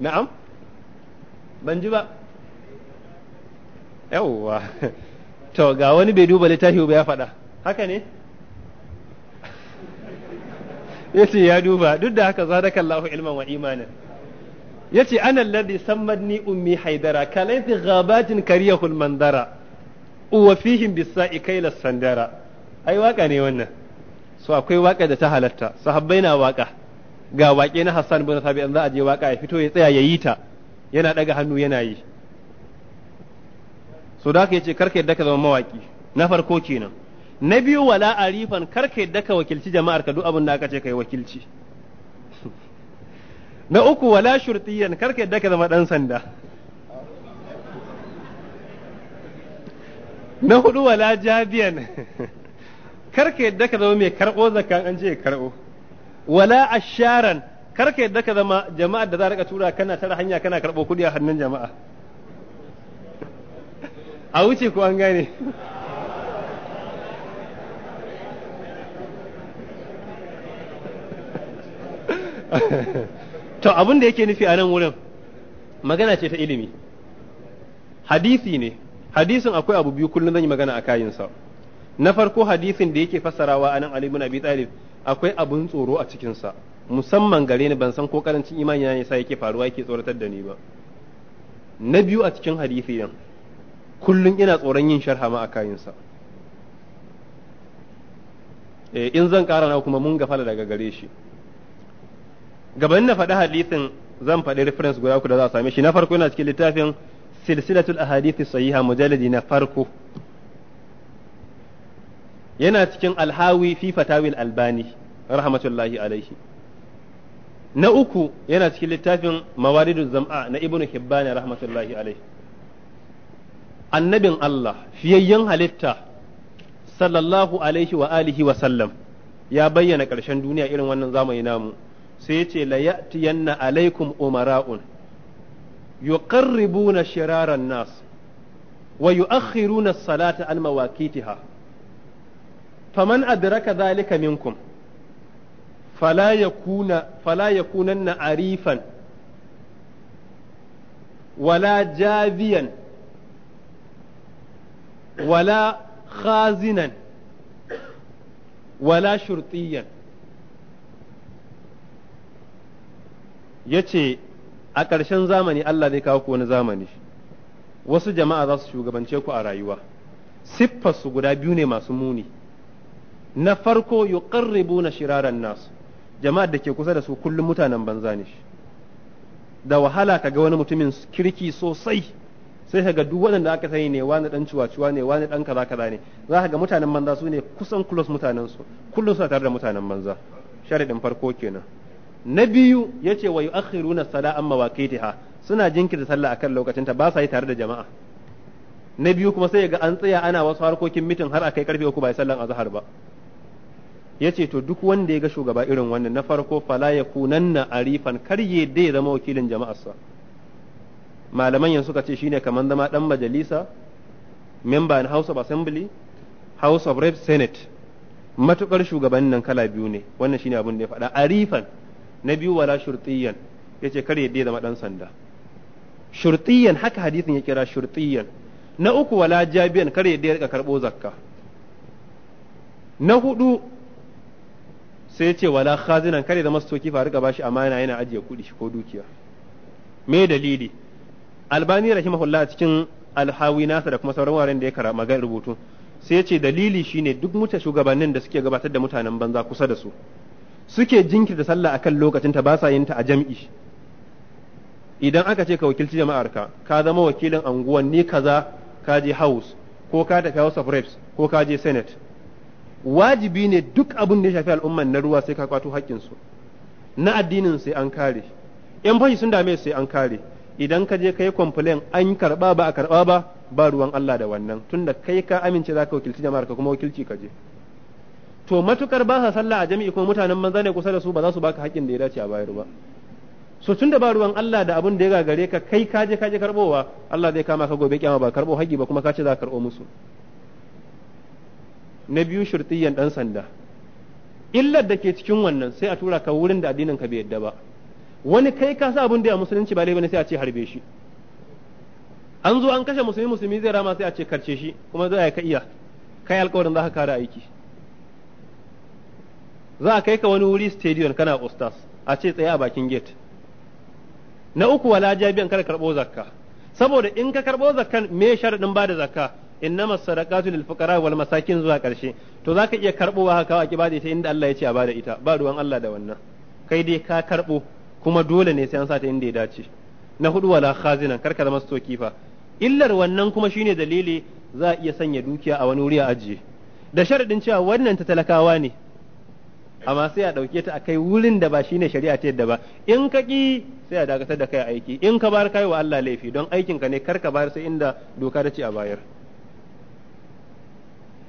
S1: na'am ban ji ba yawwa to ga wani bai duba littafi ba ya faɗa haka ne yace ya duba duk da haka Allahu ilman wa imanin yace ana alladhi sammadni ummi haidara kalaiti ghabatin kariyahul mandara uwa fihim bisa'i kaila sandara ai waka ne wannan so akwai waka da ta halatta sahabbai na waka ga wake na Hassan bin Sabi an za a je waka ya fito ya tsaya ya yi ta yana daga hannu yana yi so da ka yace karka yadda ka zama mawaki na farko kenan na biyu wala arifan karka yadda ka wakilci jama'ar ka duk abin da aka ce kai wakilci na uku wala shurtiyan karka yadda ka zama dan sanda na hudu wala jabiyan karka yadda ka zama mai karbo zakan an je karbo wala asharan karka yadda ka zama jama'ar da za rika tura kana tara hanya kana karbo kudi a hannun jama'a a wuce ko an gane to abin da yake nufi a nan wurin magana ce ta ilimi hadisi ne hadisin akwai abu biyu kullum zan yi magana a kayinsa na farko hadisin da yake fassarawa nan Ali ibn Abi Talib akwai abun tsoro a cikinsa musamman gare ni ban san ko karancin imani ne yasa yake faruwa yake tsoratar da ni ba na biyu a cikin hadisi din kullum ina tsoron yin sharha ma a kayinsa eh, in zan kara na kuma mun gafala daga gare shi gaban na faɗi hadisin zan faɗi reference guda ku da za a same shi na farko yana cikin littafin silsilatul ahadithi sahiha mujalladi na farko yana cikin alhawi fi fatawil albani rahmatullahi alaihi na uku yana cikin littafin mawaridul zam'a na ibnu hibban rahmatullahi alaihi annabin Allah fiyayyen halitta sallallahu alaihi wa alihi wa sallam ya bayyana ƙarshen duniya irin wannan zamani namu sai ce la yanna alaikum umara'un yuqarribuna shiraran nas wa yu'akhiruna as-salata al mawaqitiha faman adraka dhalika minkum fala yakuna fala yakunanna arifan ولا جاذيا ولا خازنا ولا شرطيا Ya ce a ƙarshen zamani Allah zai kawo ku wani zamani wasu jama'a za su shugabance ku a rayuwa siffar su guda biyu ne masu muni na farko na shiraran nasu jama'ar da ke kusa da su kullum mutanen banza ne da wahala ka ga wani mutumin kirki sosai sai kaga duk waɗanda aka sani ne wani dan ciwaciwa ne wani dan kaza kaza ne za ka ga mutanen banza su ne kusan kulos mutanen su kullum suna tare da mutanen banza sharadin farko kenan na biyu ya ce wa yi runa salaa amma waqitiha suna jinkirta sallah akan lokacin ta ba sa yi tare da jama'a na biyu kuma sai ga an tsaya ana wasu harkokin mitin har akai karfe uku bai sallan azhar ba ya ce to duk wanda ya ga shugaba irin wannan na farko fala ya kunanna arifan kar ya dai zama wakilin jama'arsa malaman yanzu suka ce shine kamar zama dan majalisa memba in house of assembly house of rep senate matukar shugaban nan kala biyu ne wannan shine abin da ya faɗa arifan na biyu wala shurtiyan yace kar ya zama dan sanda shurtiyan haka hadisin ya kira shurtiyan na uku wala jabiyan kar ya karbo zakka na hudu sai ce wala khazinan kar ya zama stoki faru bashi amana yana ajiye kudi ko dukiya me dalili albani rahimahullah cikin alhawi nasa da kuma sauran waren da ya karɓa magan rubutu sai ce dalili shine duk muta shugabannin da suke gabatar da mutanen banza kusa da su suke jinkirta sallah akan lokacinta ba sa yin ta a jam'i idan aka ce ka wakilci jama'arka ka zama wakilin ni kaza ka je house ko ka tafi house of reps ko ka je senate wajibi ne duk abin da ya shafi al'umman na ruwa sai ka kwato haƙƙinsu na addinin sai an kare yan fashi sun dame sai an kare idan ka je kai complain an karba ba a karba ba ba ruwan Allah da wannan tunda kai ka amince zaka wakilci jama'arka kuma wakilci ka je to matukar ba sa sallah a jami'i kuma mutanen manza ne kusa da su ba za su baka haƙƙin da ya dace a bayar ba so tun da ba ruwan Allah da abin da ya gagare ka kai ka je ka je karbowa Allah zai kama ka gobe kyama ba karbo haƙi ba kuma ka ce za ka karbo musu na biyu shurtiyan dan sanda illar da ke cikin wannan sai a tura ka wurin da addinin ka bai yadda ba wani kai ka sa abin da ya musulunci ba laifi ne sai a ce harbe shi an zo an kashe musulmi musulmi zai rama sai a ce karce shi kuma zai ka iya kai alƙawarin za ka kare aiki za a kai ka wani wuri stadium kana Ustas a ce tsaye a bakin gate na uku wala jabiyan kar karbo zakka saboda in ka karbo zakkan me sharadin ba da zakka innama sadaqatu lil fuqara wal masakin zuwa karshe to zaka iya karbowa haka a kibade ta inda Allah ya ce a bada ita ba ruwan Allah da wannan kai dai ka karbo kuma dole ne sai an sa ta inda ya dace na hudu wala khazinan kar ka zama kifa illar wannan kuma shine dalili za a iya sanya dukiya a wani wuri a ajiye da sharadin cewa wannan ta talakawa ne amma sai a ɗauke ta a kai wurin da ba shi ne shari'a ta yadda ba in ka ƙi sai a dakatar da kai aiki in ka bar kai wa Allah laifi don aikin ka ne kar ka bayar sai inda doka ta ce a bayar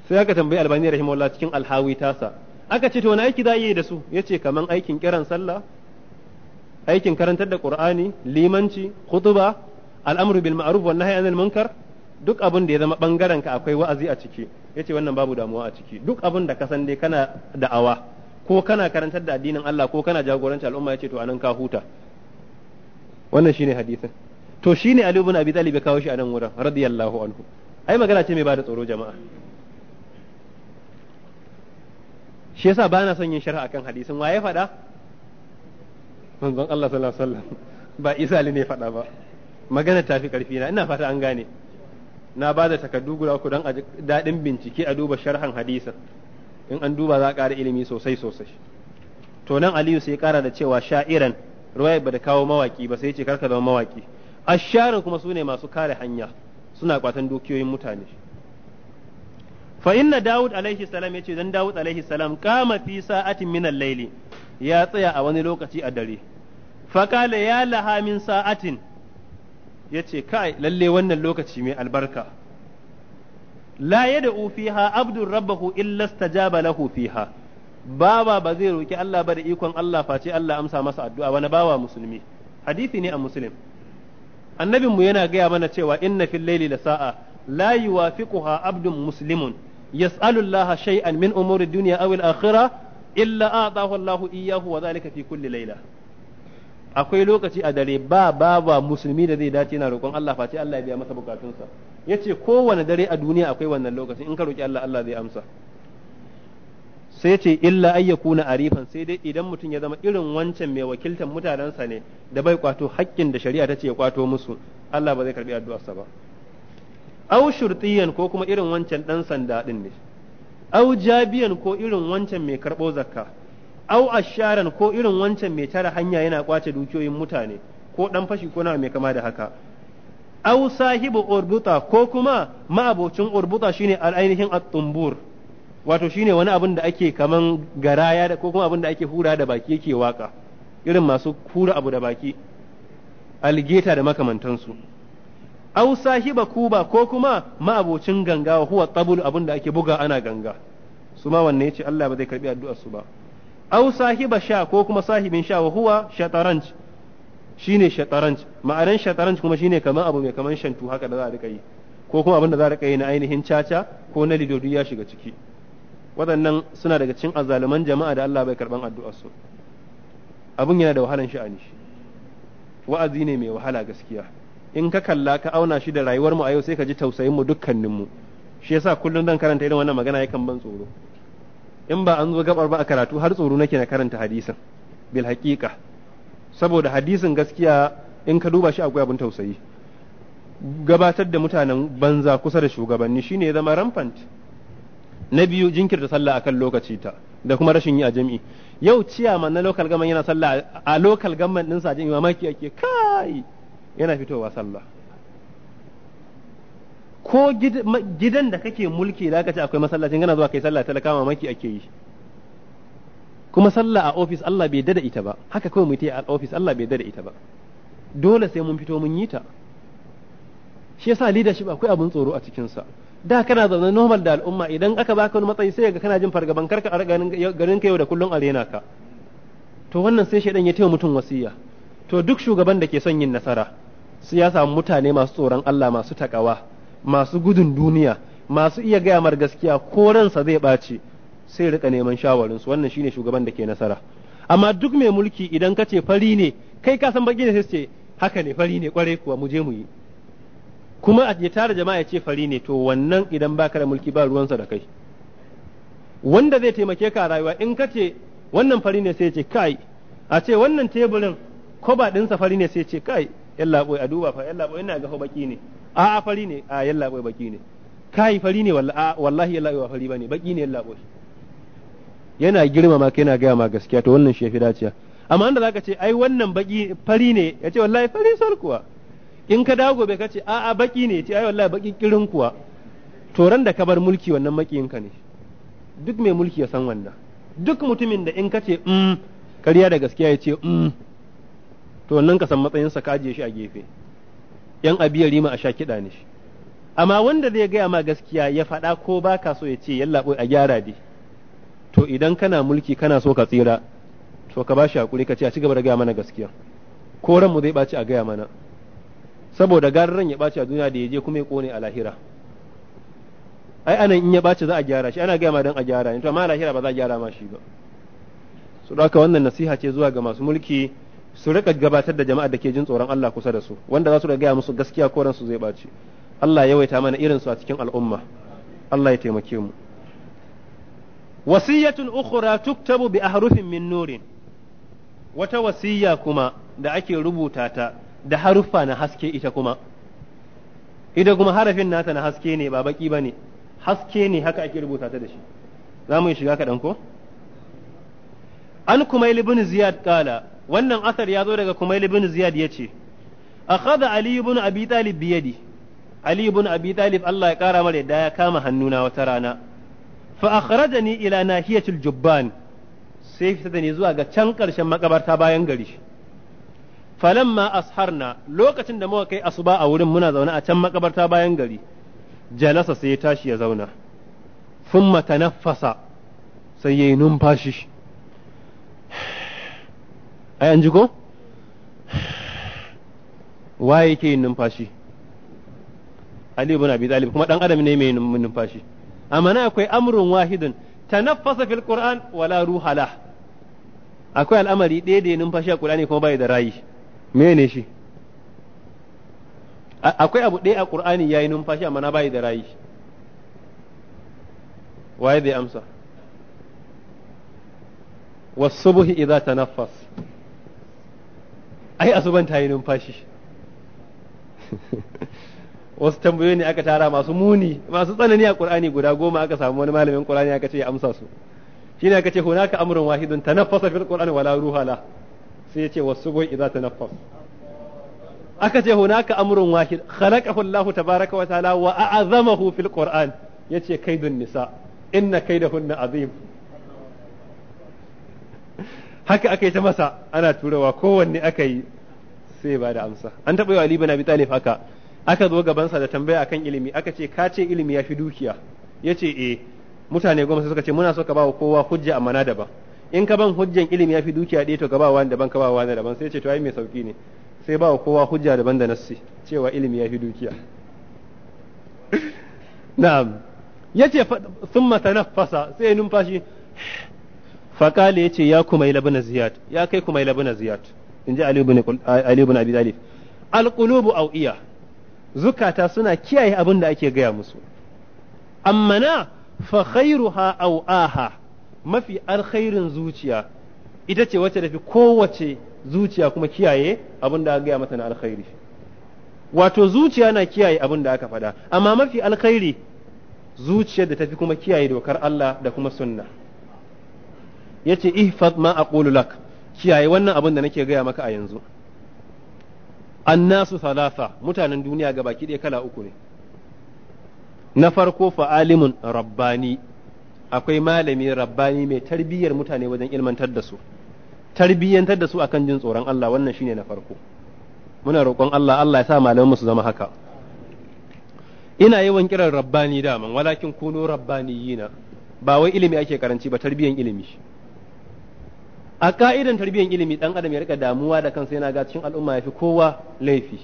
S1: sai aka tambayi albani rahimahullah cikin alhawi tasa aka ce to wani aiki za yi da su yace kaman aikin kiran sallah aikin karantar da qur'ani limanci khutba al'amru bil ma'ruf wan nahyi anil munkar duk abin da ya zama bangaren ka akwai wa'azi a ciki yace wannan babu damuwa a ciki duk abin da ka san dai kana da'awa ko kana karantar da addinin Allah ko kana jagoranci al'umma yace to anan ka huta wannan shine hadisin to shine Ali ibn Abi Talib ya kawo shi a nan wurin radiyallahu anhu ai magana ce mai bada tsoro jama'a shi yasa bana son yin sharha akan hadisin waye fada manzon Allah sallallahu alaihi wasallam ba Isa ne fada ba magana ta fi karfi na ina fata an gane na ba da takardu guda ku don daɗin bincike a duba sharhan hadisin in an duba za a ƙara ilimi sosai sosai to nan aliyu sai ƙara da cewa sha'iran ruwaya ba da kawo mawaki ba sai ce karka zama mawaki asharin kuma su ne masu kare hanya suna kwatan dukiyoyin mutane fa inna daud alaihi salam yace dan daud alaihi salam kama fi sa'atin min al-layli ya tsaya a wani lokaci a dare fa kala ya laha min sa'atin yace kai lalle wannan lokaci mai albarka la da ufiha abdur rabbahu illa istajaba lahu fiha bawa ba zai roki Allah ba da ikon Allah face Allah amsa masa addu'a wani bawa musulmi hadisi ne a muslim annabin mu yana gaya mana cewa inna fil laili la sa'a la yuwafiquha abdun muslimun yas'alu Allah shay'an min umuri dunya aw al-akhirah illa a'tahu Allah iyyahu wa dhalika fi kulli layla akwai lokaci a dare ba baba musulmi da zai dace na roƙon Allah face Allah ya biya masa bukatunsa yace kowane dare a duniya akwai wannan lokaci in ka roƙi Allah Allah zai amsa sai ce illa ayyakuna arifan sai dai idan mutum ya zama irin wancan mai wakiltan mutanensa ne da bai kwato haƙƙin da shari'a ta ce ya kwato musu Allah ba zai karbi sa ba aw shurtiyan ko kuma irin wancan dan sanda din ne aw jabiyan ko irin wancan mai karɓo zakka au asharan ko irin wancan mai tara hanya yana kwace dukiyoyin mutane ko dan fashi ko mai kama da haka au sahibu urbuta ko kuma ma'abocin urbuta shine ainihin at-tumbur wato shine wani abin da ake kaman garaya da ko kuma abin da ake hura da baki yake waka irin masu hura abu da baki algeta da makamantansu au sahiba kuba ko kuma ma'abocin ganga huwa tabul abin da ake buga ana ganga su ma wanne yace Allah ba zai karbi addu'ar su ba aw sahiba sha ko kuma sahibin sha wa huwa shataranj shine shataranj ma'anan shataranj kuma shine kamar abu mai kaman shantu haka da za a rika yi ko kuma abin da za a rika yi na ainihin caca ko na lidodu ya shiga ciki waɗannan suna daga cikin azzaluman jama'a da Allah bai karban su abun yana da wahalan sha'ani wa'azi ne mai wahala gaskiya in ka kalla ka auna shi da rayuwar mu a yau sai ka ji tausayin mu dukkanin mu shi yasa zan dan karanta irin wannan magana yakan ban tsoro in ba an zo gabar ba a karatu har tsoro nake na karanta hadisin bil haqiqa saboda hadisin gaskiya in ka duba shi akwai abin tausayi gabatar da mutanen banza kusa da shugabanni shine ya zama rampant na biyu jinkirta sallah akan lokaci ta da kuma rashin yi a jami'i yau ciyaman na local government yana sallah a local government din sa jami'i mamaki ake kai yana fitowa sallah ko gidan da kake mulki da ce akwai masallacin kana zuwa kai sallah talaka maki ake yi kuma sallah a ofis Allah bai dada ita ba haka kawai mu a ofis Allah bai dada ita ba dole sai mun fito mun yi ta shi yasa leadership akwai abun tsoro a cikin sa da kana zaune normal da al'umma idan aka baka wani matsayi sai ga kana jin fargaban karka a garin ka yau da kullun arena ka to wannan sai shaidan ya taya mutum wasiya to duk shugaban da ke son yin nasara su ya samu mutane masu tsoron Allah masu takawa masu gudun duniya masu iya gaya mar gaskiya ko ransa zai ɓaci sai rika neman shawarinsu wannan shine shugaban da ke nasara amma duk mai mulki idan ka ce fari ne kai ka san baki ne sai ce haka ne fari ne kwarai kuwa mu je mu yi kuma a je tara jama'a ya ce fari ne to wannan idan baka da mulki ba ruwansa da kai wanda zai taimake ka rayuwa in ka ce wannan fari ne sai ce kai a ce wannan teburin koba ɗinsa fari ne sai ce kai yalla boy a duba fa yalla boy ina ga baki ne a a fari ne a yalla boy baki ne kai fari ne wallahi yalla boy fari bane baki ne yalla boy yana girmama kai yana gaya ma gaskiya to wannan shi ya fi dacewa amma inda zaka ce ai wannan baki fari ne ya ce wallahi fari sol kuwa in ka dawo gobe ka ce a'a baki ne ce ai wallahi baki kirin kuwa to ran da ka bar mulki wannan makiyin ka ne duk mai mulki ya san wannan duk mutumin da in ka ce mm kariya da gaskiya ya ce mm to nan ka san matsayin sa ka ajiye shi a gefe yan abiyar rima a sha kiɗa ne shi amma wanda zai gaya ma gaskiya ya faɗa ko ba ka so ya ce yalla a gyara dai to idan kana mulki kana so ka tsira to ka shi hakuri ka ce a ci gaba da gaya mana gaskiya ko ran mu zai ɓaci a gaya mana saboda garin ya ɓaci a duniya da ya je kuma ya kone a lahira ai anan in ya ɓaci za a gyara shi ana gaya ma don a gyara ne to amma lahira ba za a gyara ma shi ba su haka wannan nasiha ce zuwa ga masu mulki su rika gabatar da jama'a da ke jin tsoron Allah kusa da su wanda za su rika gaya musu gaskiya ko su zai ɓaci Allah ya yawaita mana irin su a cikin al'umma Allah ya taimake mu wasiyatun ukhra tuktabu bi ahrufin min nurin wata wasiya kuma da ake rubuta ta da haruffa na haske ita kuma ita kuma harafin nata na haske ne ba baki bane haske ne haka ake rubuta ta da shi za mu shiga kaɗan ko an kuma ibn ziyad kala wannan asar ya zo daga kumail ibn ziyad yace akhadha ali ibn abi talib bi yadi ali ibn abi talib Allah ya kara mara yadda ya kama hannuna wata rana fa akhrajani ila nahiyatul jubban sai fita da ni zuwa ga can karshen makabarta bayan gari ma falamma asharna lokacin da muka kai asuba a wurin muna zaune a can makabarta bayan gari jalasa sai ya tashi ya zauna thumma tanaffasa sai yayi numfashi an ji ko waye yake yin numfashi Ali ibn Abi Talib kuma dan adam ne mai numfashi amma na akwai amrun wahidun tanaffasa fil Qur'an wala ruhala akwai al'amari ɗaya da numfashi a Qur'ani kuma bai da rayi mene shi akwai abu ɗaya a Qur'ani yayi numfashi amma na bai da rayi waye zai amsa was subhi idza tanaffas ai asuban ta yi numfashi wasu tambayoyi ne aka tara masu muni masu tsanani a qur'ani guda goma aka samu wani malamin qur'ani aka ce ya amsa su shine aka ce hunaka amrun wahidun tanaffasa fil qur'ani wala ruha la sai ya ce wasu wasubhu idza tanaffas aka ce hunaka amrun wahid khalaqahu Allahu tabaraka wa ta'ala wa a'azamahu fil qur'an yace kaidun nisa inna kaidahunna azim haka aka yi ta masa ana turawa kowanne aka yi sai ba da amsa an taɓa yi wa Ali bin Abi Talib haka aka zo gabansa da tambaya akan ilimi aka ce ka ce ilimi ya fi dukiya ya ce eh mutane goma suka ce muna so ka ba wa kowa hujja amma na daban in ka ban hujjan ilimi ya fi dukiya ɗaya to ka ba wa wani daban ka ba wani daban sai ce to ai mai sauki ne sai ba wa kowa hujja daban da nassi cewa ilimi ya fi dukiya na'am yace thumma tanaffasa sai numfashi faƙali ya ce ya kuma labuna ziyad ya kai kuma labuna ziyad in ji ali abi Alƙulubu alqulubu zukata suna kiyaye abin da ake gaya musu amma na fa khairuha au aha mafi alkhairin zuciya ita ce wacce da fi kowace zuciya kuma kiyaye abin da aka gaya mata na alkhairi wato zuciya na kiyaye abin da aka faɗa amma mafi alkhairi zuciyar da tafi kuma kiyaye dokar Allah da kuma sunna yace ihfaz ma aqulu lak kiyaye wannan abin da nake gaya maka a yanzu annasu salasa mutanen duniya ga baki ɗaya kala uku ne na farko fa'alimun rabbani akwai malami rabbani mai tarbiyyar mutane wajen ilmantar da su tarbiyyantar da su akan jin tsoron Allah wannan shine na farko muna roƙon Allah Allah ya sa malaman su zama haka ina yawan kiran rabbani daman walakin kuno rabbaniyina ba wai ilimi ake karanci ba tarbiyyan ilimi a ka'idan tarbiyyar ilimi dan adam ya rika damuwa da kansa yana ga cikin al'umma yafi kowa laifi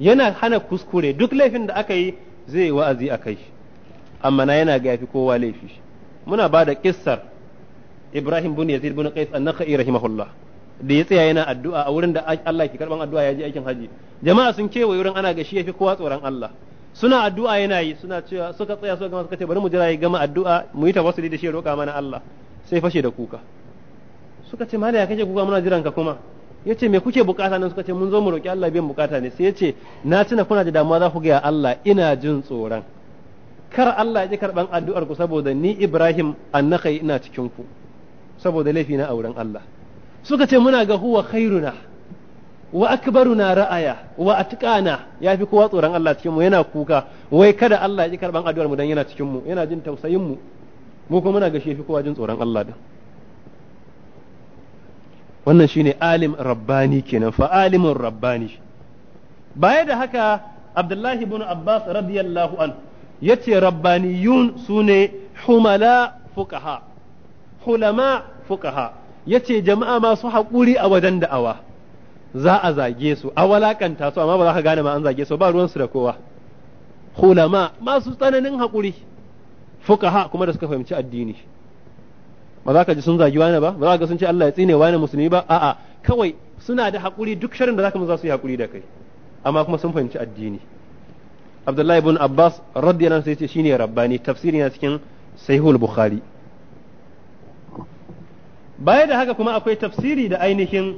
S1: yana hana kuskure duk laifin da aka yi zai wa'azi a kai amma na yana ga yafi kowa laifi muna ba da kissar Ibrahim bin Yazid bin Qais an-Nakhai rahimahullah da ya tsaya yana addu'a a wurin da Allah ke karban addu'a ya je aikin haji jama'a sun kewaye wurin ana ga shi yafi kowa tsoron Allah suna addu'a yana yi suna cewa suka tsaya suka gama suka ce bari mu jira ya gama addu'a mu yi tawassuli da shi roƙa mana Allah sai fashe da kuka suka ce mala ya kake kuka muna jiran ka kuma ya ce me kuke bukata nan suka ce mun zo mu roƙi Allah biyan bukata ne sai ya ce na tuna kuna da damuwa za ku ga Allah ina jin tsoron kar Allah ya ji karban addu'ar ku saboda ni Ibrahim annakai ina cikin ku saboda laifi na auren Allah suka ce muna ga huwa khairuna wa akbaruna ra'aya wa atqana yafi kowa tsoron Allah cikin mu yana kuka wai kada Allah ya ji karban addu'ar mu dan yana cikin mu yana jin tausayin mu mu kuma muna ga shi yafi kowa jin tsoron Allah din wannan shine alim rabbani kenan fa alimun rabbani baya da haka abdullahi ibn abbas radiyallahu an yace rabbaniyun sune humala fuqaha hulama fuqaha yace jama'a masu haƙuri a wajen da'awa za a zage su a walakanta su amma ba za ka gane ma an zage su ba ruwan su da kowa hulama masu tsananin haƙuri fuqaha kuma da suka fahimci addini ba za ka ji sun zagi wani ba ba za ka sun ce Allah ya tsine wani musulmi ba a'a kawai suna da haƙuri duk sharin da zaka za su yi haƙuri da kai amma kuma sun fahimci addini Abdullahi ibn Abbas radiyallahu anhu sai ce shine rabbani tafsirin yana cikin Sahihul Bukhari baya da haka kuma akwai tafsiri da ainihin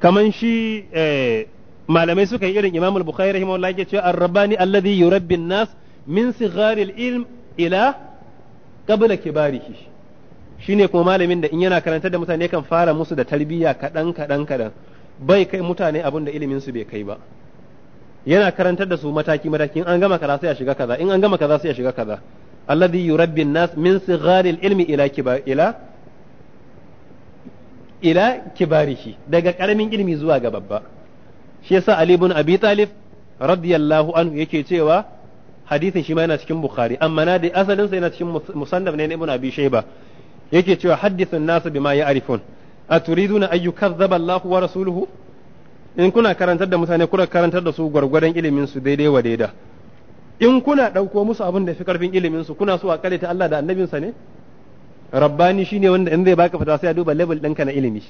S1: kaman shi eh, malamai suka yi irin Imam Bukhari rahimahullah yake cewa ar-rabbani alladhi yurabbi nas min sigharil ilm ila qabla kibarihi Shi ne kuma malamin da in yana karantar da mutane kan fara musu da tarbiyya kaɗan kaɗan kaɗan bai kai mutane abin da ilimin su bai kai ba yana karantar da su mataki mataki in an gama kaza sai a shiga kaza in an gama kaza sai a shiga kaza alladhi yurabbi an-nas min sigharil ilmi ila kibar ila ila kibarihi daga karamin ilmi zuwa ga babba shi yasa ali ibn abi talib radiyallahu anhu yake cewa hadisin shi ma yana cikin bukhari amma na da asalin sa yana cikin musannaf ne ibn abi shayba yake cewa haddisun nasu bima ya arifun a turiduna an yukazzaba Allahu wa rasuluhu in kuna karantar da mutane kuna karantar da su gwargwadon ilimin su daidai wa daida in kuna ɗauko musu abin da fi karfin ilimin su kuna so a ta Allah da annabinsa ne rabbani shine wanda in zai baka fita sai ya duba level ɗinka na ilimi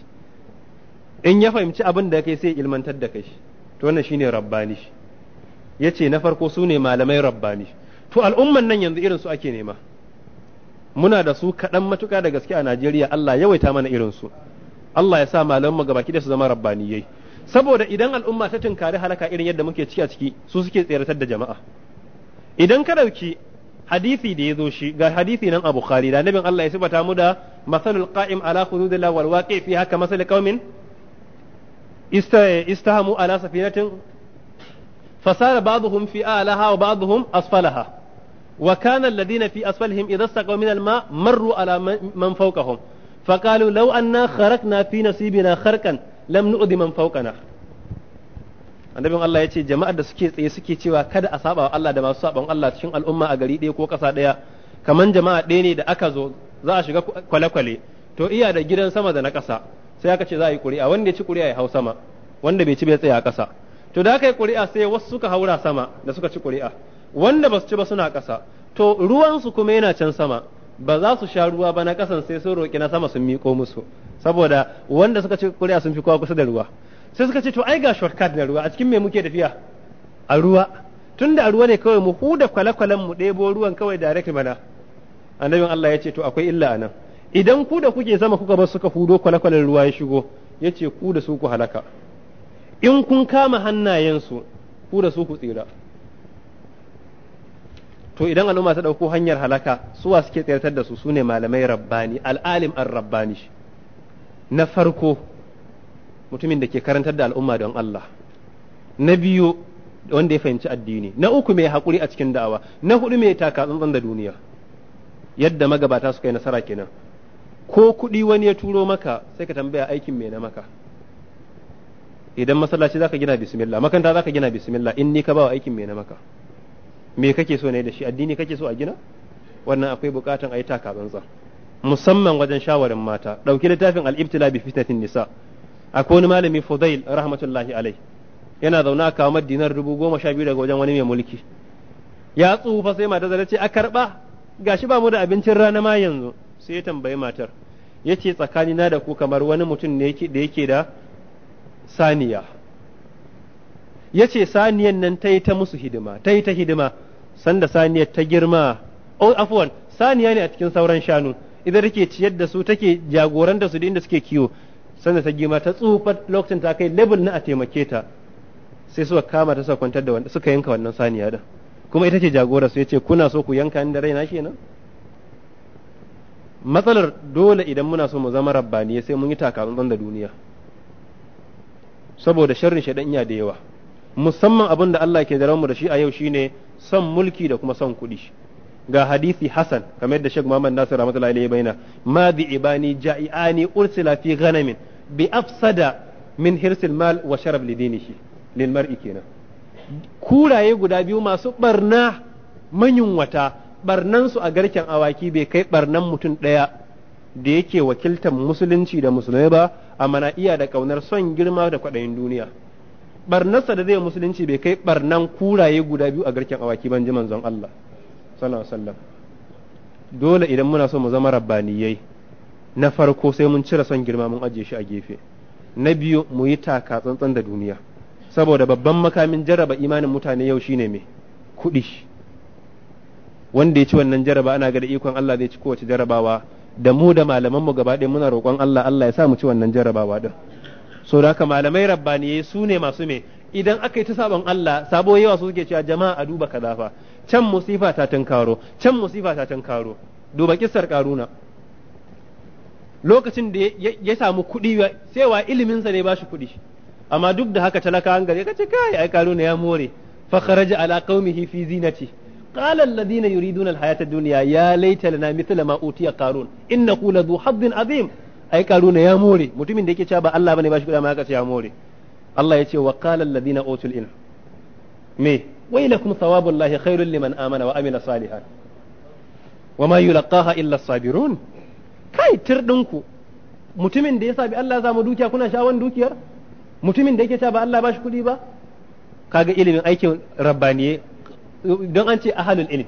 S1: in ya fahimci abin da kai sai ya ilmantar da kai to wannan shine rabbani yace na farko su ne malamai rabbani to al'umman nan yanzu irin su ake nema muna da su kaɗan matuƙa da gaske a Najeriya Allah yawaita mana irin su Allah ya sa malamanmu gabaki da su zama rabbaniyai saboda idan al'umma ta tunkari halaka irin yadda muke ciki a ciki su suke tseratar da jama'a idan ka dauki hadisi da ya zo shi ga hadisi nan a bukhari da nabin Allah ya sifata mu da masalul qa'im ala khududillah wal waqi fi haka masal qaumin istahamu ala safinatin fasara ba'dhum fi alaha wa ba'dhum asfalaha وكان الذين في fi إذا استقوا من الماء مروا على من فوقهم فقالوا لو أننا خرقنا في نصيبنا خرقا لم نؤذي من فوقنا annabin Allah ya ce jama'ar da suke tsaye suke cewa kada a saba wa Allah da masu saban Allah cikin al'umma a gari ɗaya ko ƙasa ɗaya kaman jama'a ɗaya ne da aka zo za a shiga kwale-kwale to iya da gidan sama da na ƙasa sai aka ce za a yi ƙuri'a wanda ya ci ƙuri'a ya hau sama wanda bai ci bai tsaya a ƙasa to da aka yi ƙuri'a sai wasu suka haura sama da suka ci ƙuri'a wanda ba su ci ba suna ƙasa to ruwansu kuma yana can sama ba za su sha ruwa ba na ƙasan sai sun roƙi na sama sun miƙo musu saboda wanda suka ci kuri'a sun fi kowa kusa da ruwa sai suka ce to ai ga shortcut na ruwa a cikin me muke tafiya a ruwa tunda a ruwa ne kawai mu huda kwale-kwalen mu ɗebo ruwan kawai direct mana annabin Allah ya ce to akwai illa anan idan ku da kuke sama kuka bar suka hudo kwale-kwalen ruwa ya shigo ya ce ku da su ku halaka in kun kama hannayensu ku da su ku tsira to idan al'umma ta dauko hanyar halaka su suwa suke tsayar da su su ne malamai rabbani al'alim ar-rabbani na farko mutumin da ke karantar da al'umma don Allah na biyu wanda ya fahimci addini na uku mai hakuri a cikin da'awa na hudu mai taka tsantsan da duniya yadda magabata suka yi nasara kenan ko kuɗi wani ya turo maka sai ka tambaya aikin me na maka idan masallaci zaka gina bismillah makanta zaka gina bismillah in ni ka wa aikin me na maka me kake so ne da shi addini kake so a gina wannan akwai bukatan a yi taka musamman wajen shawarin mata ɗauki littafin al'ibtila bi fitnatin nisa a wani malami fudail rahmatullahi alai yana zaune a kawo dinar dubu goma sha biyu daga wajen wani mai mulki ya tsufa sai mata zara ce a karɓa gashi ba mu da abincin rana ma yanzu sai ya tambayi matar ya ce tsakanina da ku kamar wani mutum ne da yake da saniya ya ce saniyan nan ta yi ta musu hidima ta yi ta hidima sanda saniyar ta girma oh afwan saniya ne a cikin sauran shanu idan take ciyar da su take da su da inda suke kiwo sanda ta girma ta tsufa lokacin ta kai level na a taimake ta sai suka kama ta suka kwantar da wanda suka yanka wannan saniya da kuma ita ce jagora su yace kuna so ku yanka ni da raina kenan matsalar dole idan muna so mu zama rabbaniye sai mun yi takatsantsan da duniya saboda sharrin shaidan iya da yawa musamman abin da Allah ke mu da shi a yau shine son mulki da kuma son kuɗi ga hadisi hasan kamar da shek Muhammad Nasir rahmatullahi alaihi bayna ma bi ibani ja'iani ursila fi ghanamin bi afsada min hirsil mal wa sharab dinihi lil mar'i kenan kuraye guda biyu masu barna manyunwata barnan su a garken awaki bai kai barnan mutum daya da yake wakiltar musulunci da musulmai ba amma na iya da kaunar son girma da kwaɗayin duniya barnarsa da zai musulunci bai kai barnan kuraye guda biyu a garken awaki ban ji manzon Allah sallallahu alaihi dole idan muna so mu zama rabbaniyai na farko sai mun cire son girma mun ajiye shi a gefe na biyu mu yi taka tsantsan da duniya saboda babban makamin jaraba imanin mutane yau shine me kuɗi wanda ya ci wannan jaraba ana ga da ikon Allah zai ci kowace jarabawa da mu da malaman mu gaba ɗaya muna roƙon Allah Allah ya sa mu ci wannan jarabawa din so da haka malamai rabbaniyai su ne masu me idan aka yi ta sabon Allah sabo yawa su suke cewa jama'a a duba kaza fa can musifa ta tunkaro can musifa ta tunkaro duba kissar karuna lokacin da ya samu kuɗi sai wa iliminsa ne ba shi kuɗi amma duk da haka talaka an gare kace kai ai karuna ya more fa kharaja ala qaumihi fi zinati alladhina الذين alhayata ad-dunya ya laita lana mithla ma utiya qarun innahu ladhu حظ azim. ai karuna ya more mutumin da yake cewa ba Allah bane ba shi kuɗa ma aka ce ya more Allah ya ce wa qala alladhina utul ilm me wailakum thawabullahi khairul liman amana wa amila salihan wa ma yulqaha illa sabirun kai tirdinku mutumin da ya sabi Allah za mu dukiya kuna shawon dukiyar mutumin da yake cewa ba Allah ba shi kuɗi ba kaga ilimin aikin rabbaniye don an ce ahalul ilm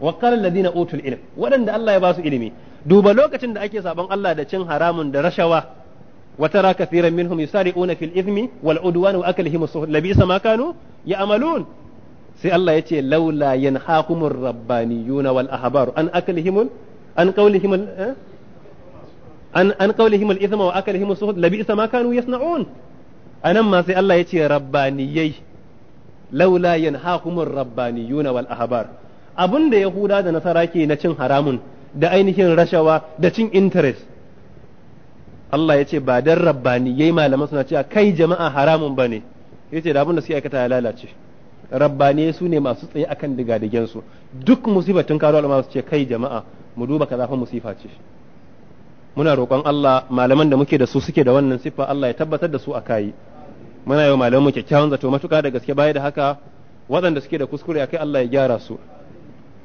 S1: wa qala alladhina utul ilm waɗanda Allah ya ba su ilimi duba lokacin da ake saban Allah da cin haramun da rashawa وترى كثيرا منهم يسارعون في الإثم والعدوان وأكلهم السحت لبئس ما كانوا يعملون sai Allah ya ce laula yanhaqumur rabbaniyuna wal ahbaru an aklihim an qawlihim eh? an an qawlihim al ithma wa aklihim suhud labisa ma kanu yasnaun anan ma sai Allah ya ce rabbaniyai laula yanhaqumur rabbaniyuna wal yahuda da nasara ke na cin haramun da ainihin rashawa da cin interest Allah ya ce ba dan rabbani yayi malaman suna cewa kai jama'a haramun bane yace da abin da suke aikata ya lalace rabbani su ne masu tsaye akan digadigen su duk musibatun karo al'umma su ce kai jama'a mu duba kaza fa musifa ce muna roƙon Allah malaman da muke da su suke da wannan siffa Allah ya tabbatar da su a kai muna yi malaman mu kyakkyawan zato matuƙa da gaske baya da haka waɗanda suke da kuskure akai Allah ya gyara su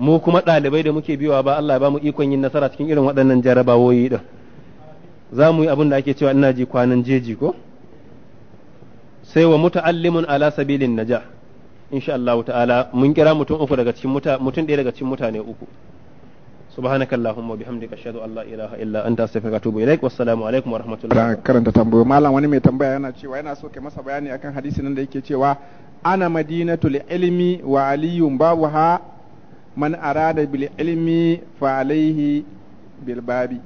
S1: mu kuma ɗalibai da muke biwa ba Allah ba mu ikon yin nasara cikin irin waɗannan jarabawoyi ɗin za mu yi abin da ake cewa ina ji kwanan jeji ko sai wa muta'allimun ala sabilin naja insha Allah ta'ala mun kira mutum uku daga cikin mutum ɗaya daga cikin mutane uku سبحانك اللهم وبحمدك اشهد ان لا اله الا انت استغفرك واتوب
S2: اليك والسلام عليكم wa الله karanta tambayo malam wani mai tambaya yana cewa yana so kai masa bayani akan hadisin nan da yake cewa ana madinatul ilmi wa aliyun babuha man arada bil ilmi fa alaihi bil babi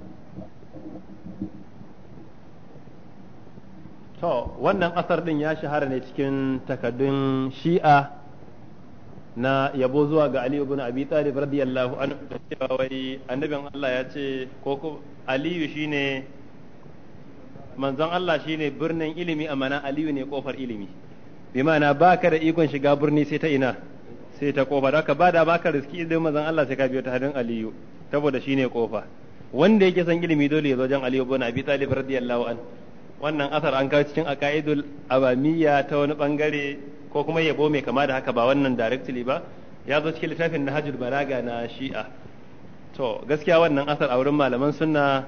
S2: to wannan asar din ya shahara ne
S1: cikin takaddun shi'a na yabo zuwa ga Ali ibn Abi Talib radiyallahu anhu da cewa wai annabin Allah ya ce ko ko Aliyu shine manzon Allah shine birnin ilimi amana Aliyu ne kofar ilimi bi ma'ana baka da ikon shiga birni sai ta ina sai ta kofa da ba da baka riski idan mazan Allah sai ka biyo ta hadin aliyu saboda shine kofa wanda yake san ilimi dole ya zo wajen aliyu bin abi talib radiyallahu an wannan asar an kawo cikin aqaidul abamiyya ta wani bangare ko kuma yabo mai kama da haka ba wannan directly ba ya zo cikin littafin nahjul balaga na shi'a to gaskiya wannan asar a wurin malaman sunna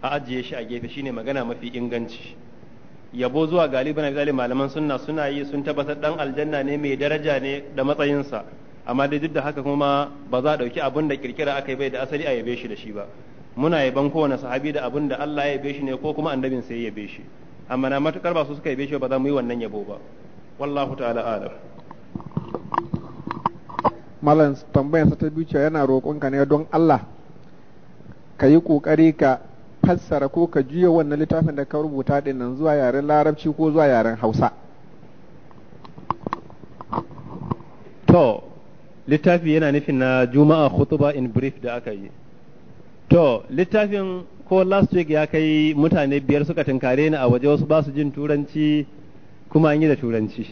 S1: a ajiye shi a gefe shine magana mafi inganci yabo zuwa galiban na misali malaman sunna suna yi sun tabbatar dan aljanna ne mai daraja ne da matsayinsa amma dai duk da haka kuma ba za a ɗauki abin da kirkira aka yi bai da asali a yabe shi da shi ba muna yaban kowane sahabi da abin da Allah ya yabe shi ne ko kuma annabin sai ya yabe shi amma na matukar ba su suka yabe shi ba za mu yi wannan yabo ba wallahu ta'ala alam
S2: malam tambayarsa ta biyu yana roƙonka ne don Allah ka yi kokari ka fassara ko ka juya wannan littafin da ka rubuta din nan zuwa yaren larabci ko zuwa yaren hausa to littafi
S1: yana nufin na juma'a khutuba in brief da aka yi to littafin ko last week ya kai mutane biyar suka tunkare ni a waje wasu ba su jin turanci kuma an yi da turanci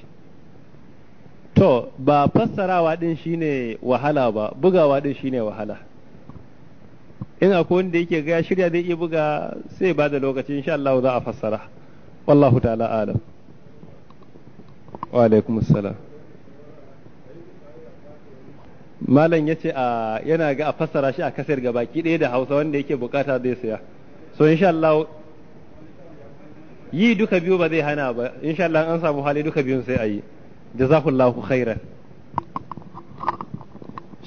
S1: to ba fassarawa din shine wahala ba bugawa din shine wahala ina ko wanda yake ga shirya zai iya buga sai ba da lokaci insha Allah za a fassara wallahu ta'ala alam wa alaikum assalam malam yace a yana ga a fassara shi a kasar ki ɗaya da Hausa wanda yake bukata zai saya so insha Allah yi duka biyu ba zai hana ba insha Allah an samu hali duka biyun sai a yi jazakallahu khairan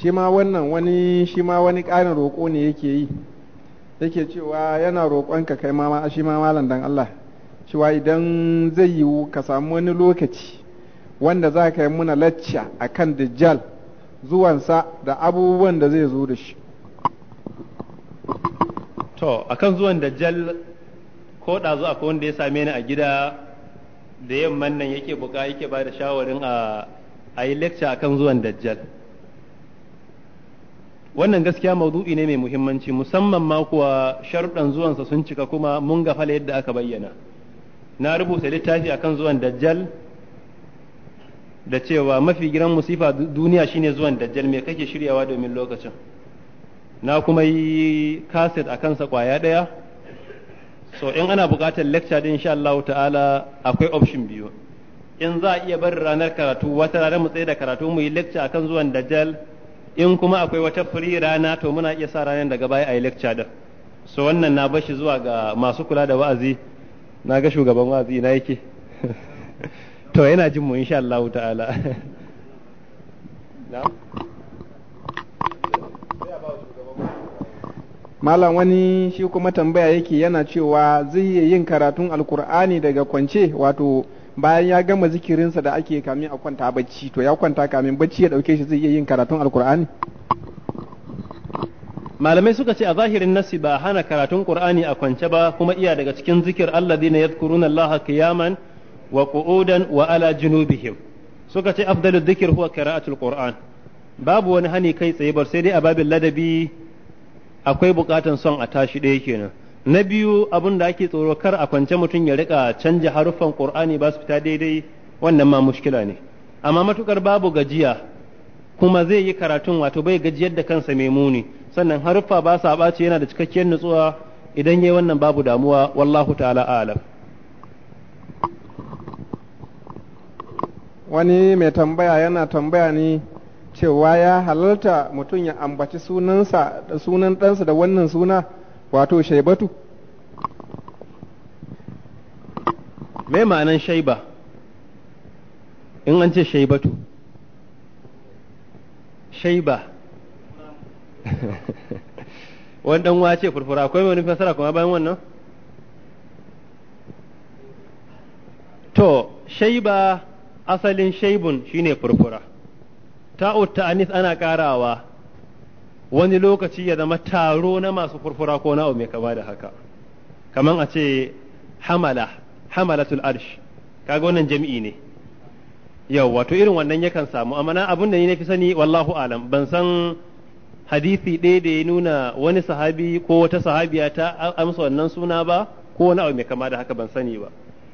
S2: shi ma wannan wani shi ma wani ƙarin roƙo ne yake yi yake cewa yana ka kai ma shi ma malam dan Allah cewa idan zai yiwu ka samu wani lokaci wanda za ka yi muna lacca akan dajjal zuwansa da abubuwan da zai zo da shi to a kan
S1: zuwan dajjal ko ɗazu ko wanda ya same ni a gida da yamman nan yake buka yake ba da shawarin a yi lecture kan zuwan dajjal wannan gaskiya maudu'i ne mai muhimmanci musamman ma kuwa sharuɗan zuwansa sun cika kuma mun ga gafala yadda aka bayyana na rubuta littafi akan zuwan dajjal da cewa mafi giran musifa duniya shine zuwan dajjal mai kake shiryawa domin lokacin na kuma yi kaset a kansa kwaya ɗaya so in ana buƙatar lecture din insha Allah ta'ala akwai option biyu in za a iya barin ranar karatu wata ranar mu tsaye da karatu mu yi lecture akan zuwan dajjal in kuma akwai wata free rana to muna iya sa ranar daga baya a yi lecture da so wannan na bashi zuwa ga masu kula da wa'azi na ga shugaban wa'azi na yake
S2: to yana jin mu insha Allah ta'ala Malam wani shi kuma tambaya yake yana cewa zai iya yin karatun alkur'ani daga kwance wato bayan ya gama zikirinsa da ake kamin a kwanta bacci to ya kwanta kamin bacci ya dauke shi zai iya yin karatun alkur'ani
S1: malamai suka ce a zahirin nasi ba hana karatun qur'ani a kwance ba kuma iya daga cikin zikir alladhina yadhkuruna allaha qiyaman wa qu'udan wa ala junubihim suka ce afdalu dhikr huwa qira'atul qur'an babu wani hani kai tsaye ba sai dai a babin ladabi akwai bukatan son a tashi ɗaya kenan na biyu abin da ake tsoro kar a kwance mutum ya rika canja haruffan qur'ani ba su fita daidai wannan ma mushkila ne amma matukar babu gajiya kuma zai yi karatun wato bai gajiyar da kansa mai muni sannan haruffa ba sa ɓaci yana da cikakkiyar nutsuwa idan
S2: yayi wannan babu damuwa wallahu ta'ala a'lam wani mai tambaya yana tambaya ne cewa ya halarta mutum ya ambaci sunansa da sunan ɗansa da wannan suna wato shaibatu
S1: me ma'anan shaiba in an ce shaibatu shaiba wani dan wace furfura akwai wani fasara kuma bayan wannan to shaiba asalin shaibun shine furfura ta'ut anis ana karawa wani lokaci ya zama taro na masu furfura ko na mai kama da haka kaman a ce hamala hamalatul arsh kaga wannan jami'i ne yau wato irin wannan yakan samu amma na abin da ni nafi sani wallahu alam ban san hadisi ɗaya da ya nuna wani sahabi ko wata sahabiya ta amsa wannan suna ba ko wani abu mai kama da haka ban sani ba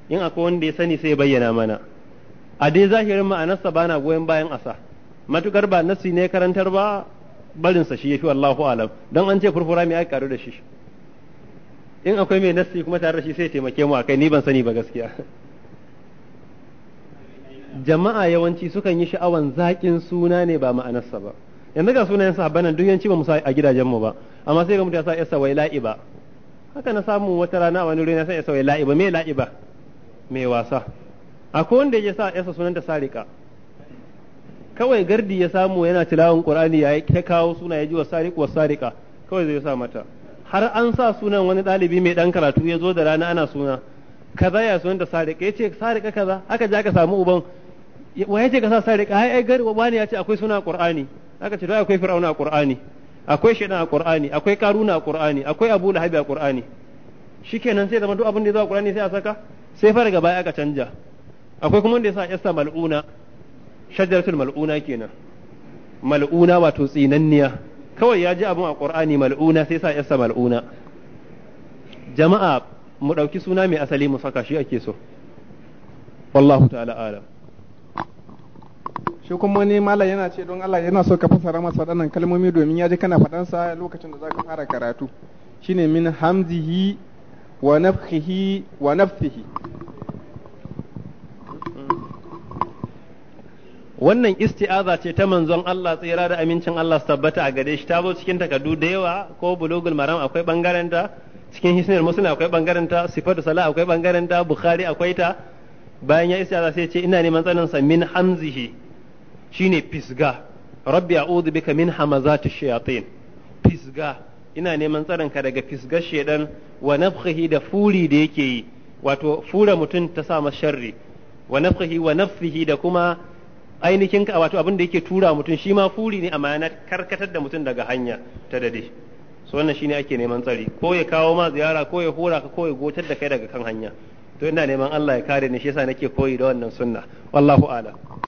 S1: in akwai wanda ya sani sai bayyana mana a dai zahirin ma'anarsa ba na goyon bayan asa matukar ba nasi ne karantar ba barinsa shi ya fi wallahu alam don an ce furfura mai aka karu da shi in akwai mai nasi kuma tare da shi sai taimake mu akai ni ban sani ba gaskiya jama'a yawanci sukan yi sha'awan zaƙin suna ne ba ma'anarsa ba yanzu ga sunayen sahabban nan duk yanci ba mu sa a gidajen mu ba amma sai ga mutum ya sa yasa wai la'iba haka na samu wata rana wani wuri na sa yasa wai la'iba me la'iba mai wasa akwai wanda ya sa yasa sunanta sarika kawai gardi ya samu yana tilawan qur'ani ya ta kawo suna ya ji wasariq wasariqa kawai zai sa mata har an sa sunan wani ɗalibi mai ɗan karatu ya zo da rana ana suna kaza ya sunan da sariƙa ya ce sariƙa kaza aka je aka samu uban wa ya ce ka sa sariƙa ai ai gari wani ya ce akwai suna qur'ani aka ce to akwai fir'auna a qur'ani akwai shaidan a qur'ani akwai karuna a qur'ani akwai abu lahabi a qur'ani shikenan sai zama duk abin da ya zo a qur'ani sai a saka sai fara gaba aka canja akwai kuma wanda ya sa yasta mal'una shajaratul mal'una kenan mal'una wato tsinanniya kawai ya ji abun a qur'ani mal'una sai sa yasa mal'una jama'a mu ɗauki suna mai asali mu saka shi ake so wallahu ta'ala alam
S2: shi kuma ne malam yana ce don Allah yana so ka fasara masa waɗannan kalmomi domin ya ji kana sa lokacin da zaka fara karatu shine min hamzihi wa nafhihi wa nafsihi
S1: wannan isti'aza ce ta manzon Allah tsira da amincin Allah su tabbata a gare shi ta zo cikin takardu da yawa ko bulugul maram akwai bangaren cikin hisnul musulun akwai bangaren ta sifatu sala akwai bangaren ta bukhari akwai ta bayan ya isti'aza sai ce ina neman tsanin sa min hamzihi shine fisga rabbi a'udhu bika min hamazati shayatin fisga ina neman tsaron ka daga fisgar shedan wa nafkhihi da furi da yake yi wato fura mutum ta sa masa sharri wa nafkhihi wa nafsihi da kuma ainihin ka wato abin da yake tura mutum shi ma furi ne amma yana karkatar da mutum daga hanya ta dade so wannan shine ake neman tsari ko ya kawo ma ziyara ko ya hura ka ko ya gotar da kai daga kan hanya to ina neman Allah ya kare ni shi yasa nake koyi da wannan sunna wallahu a'lam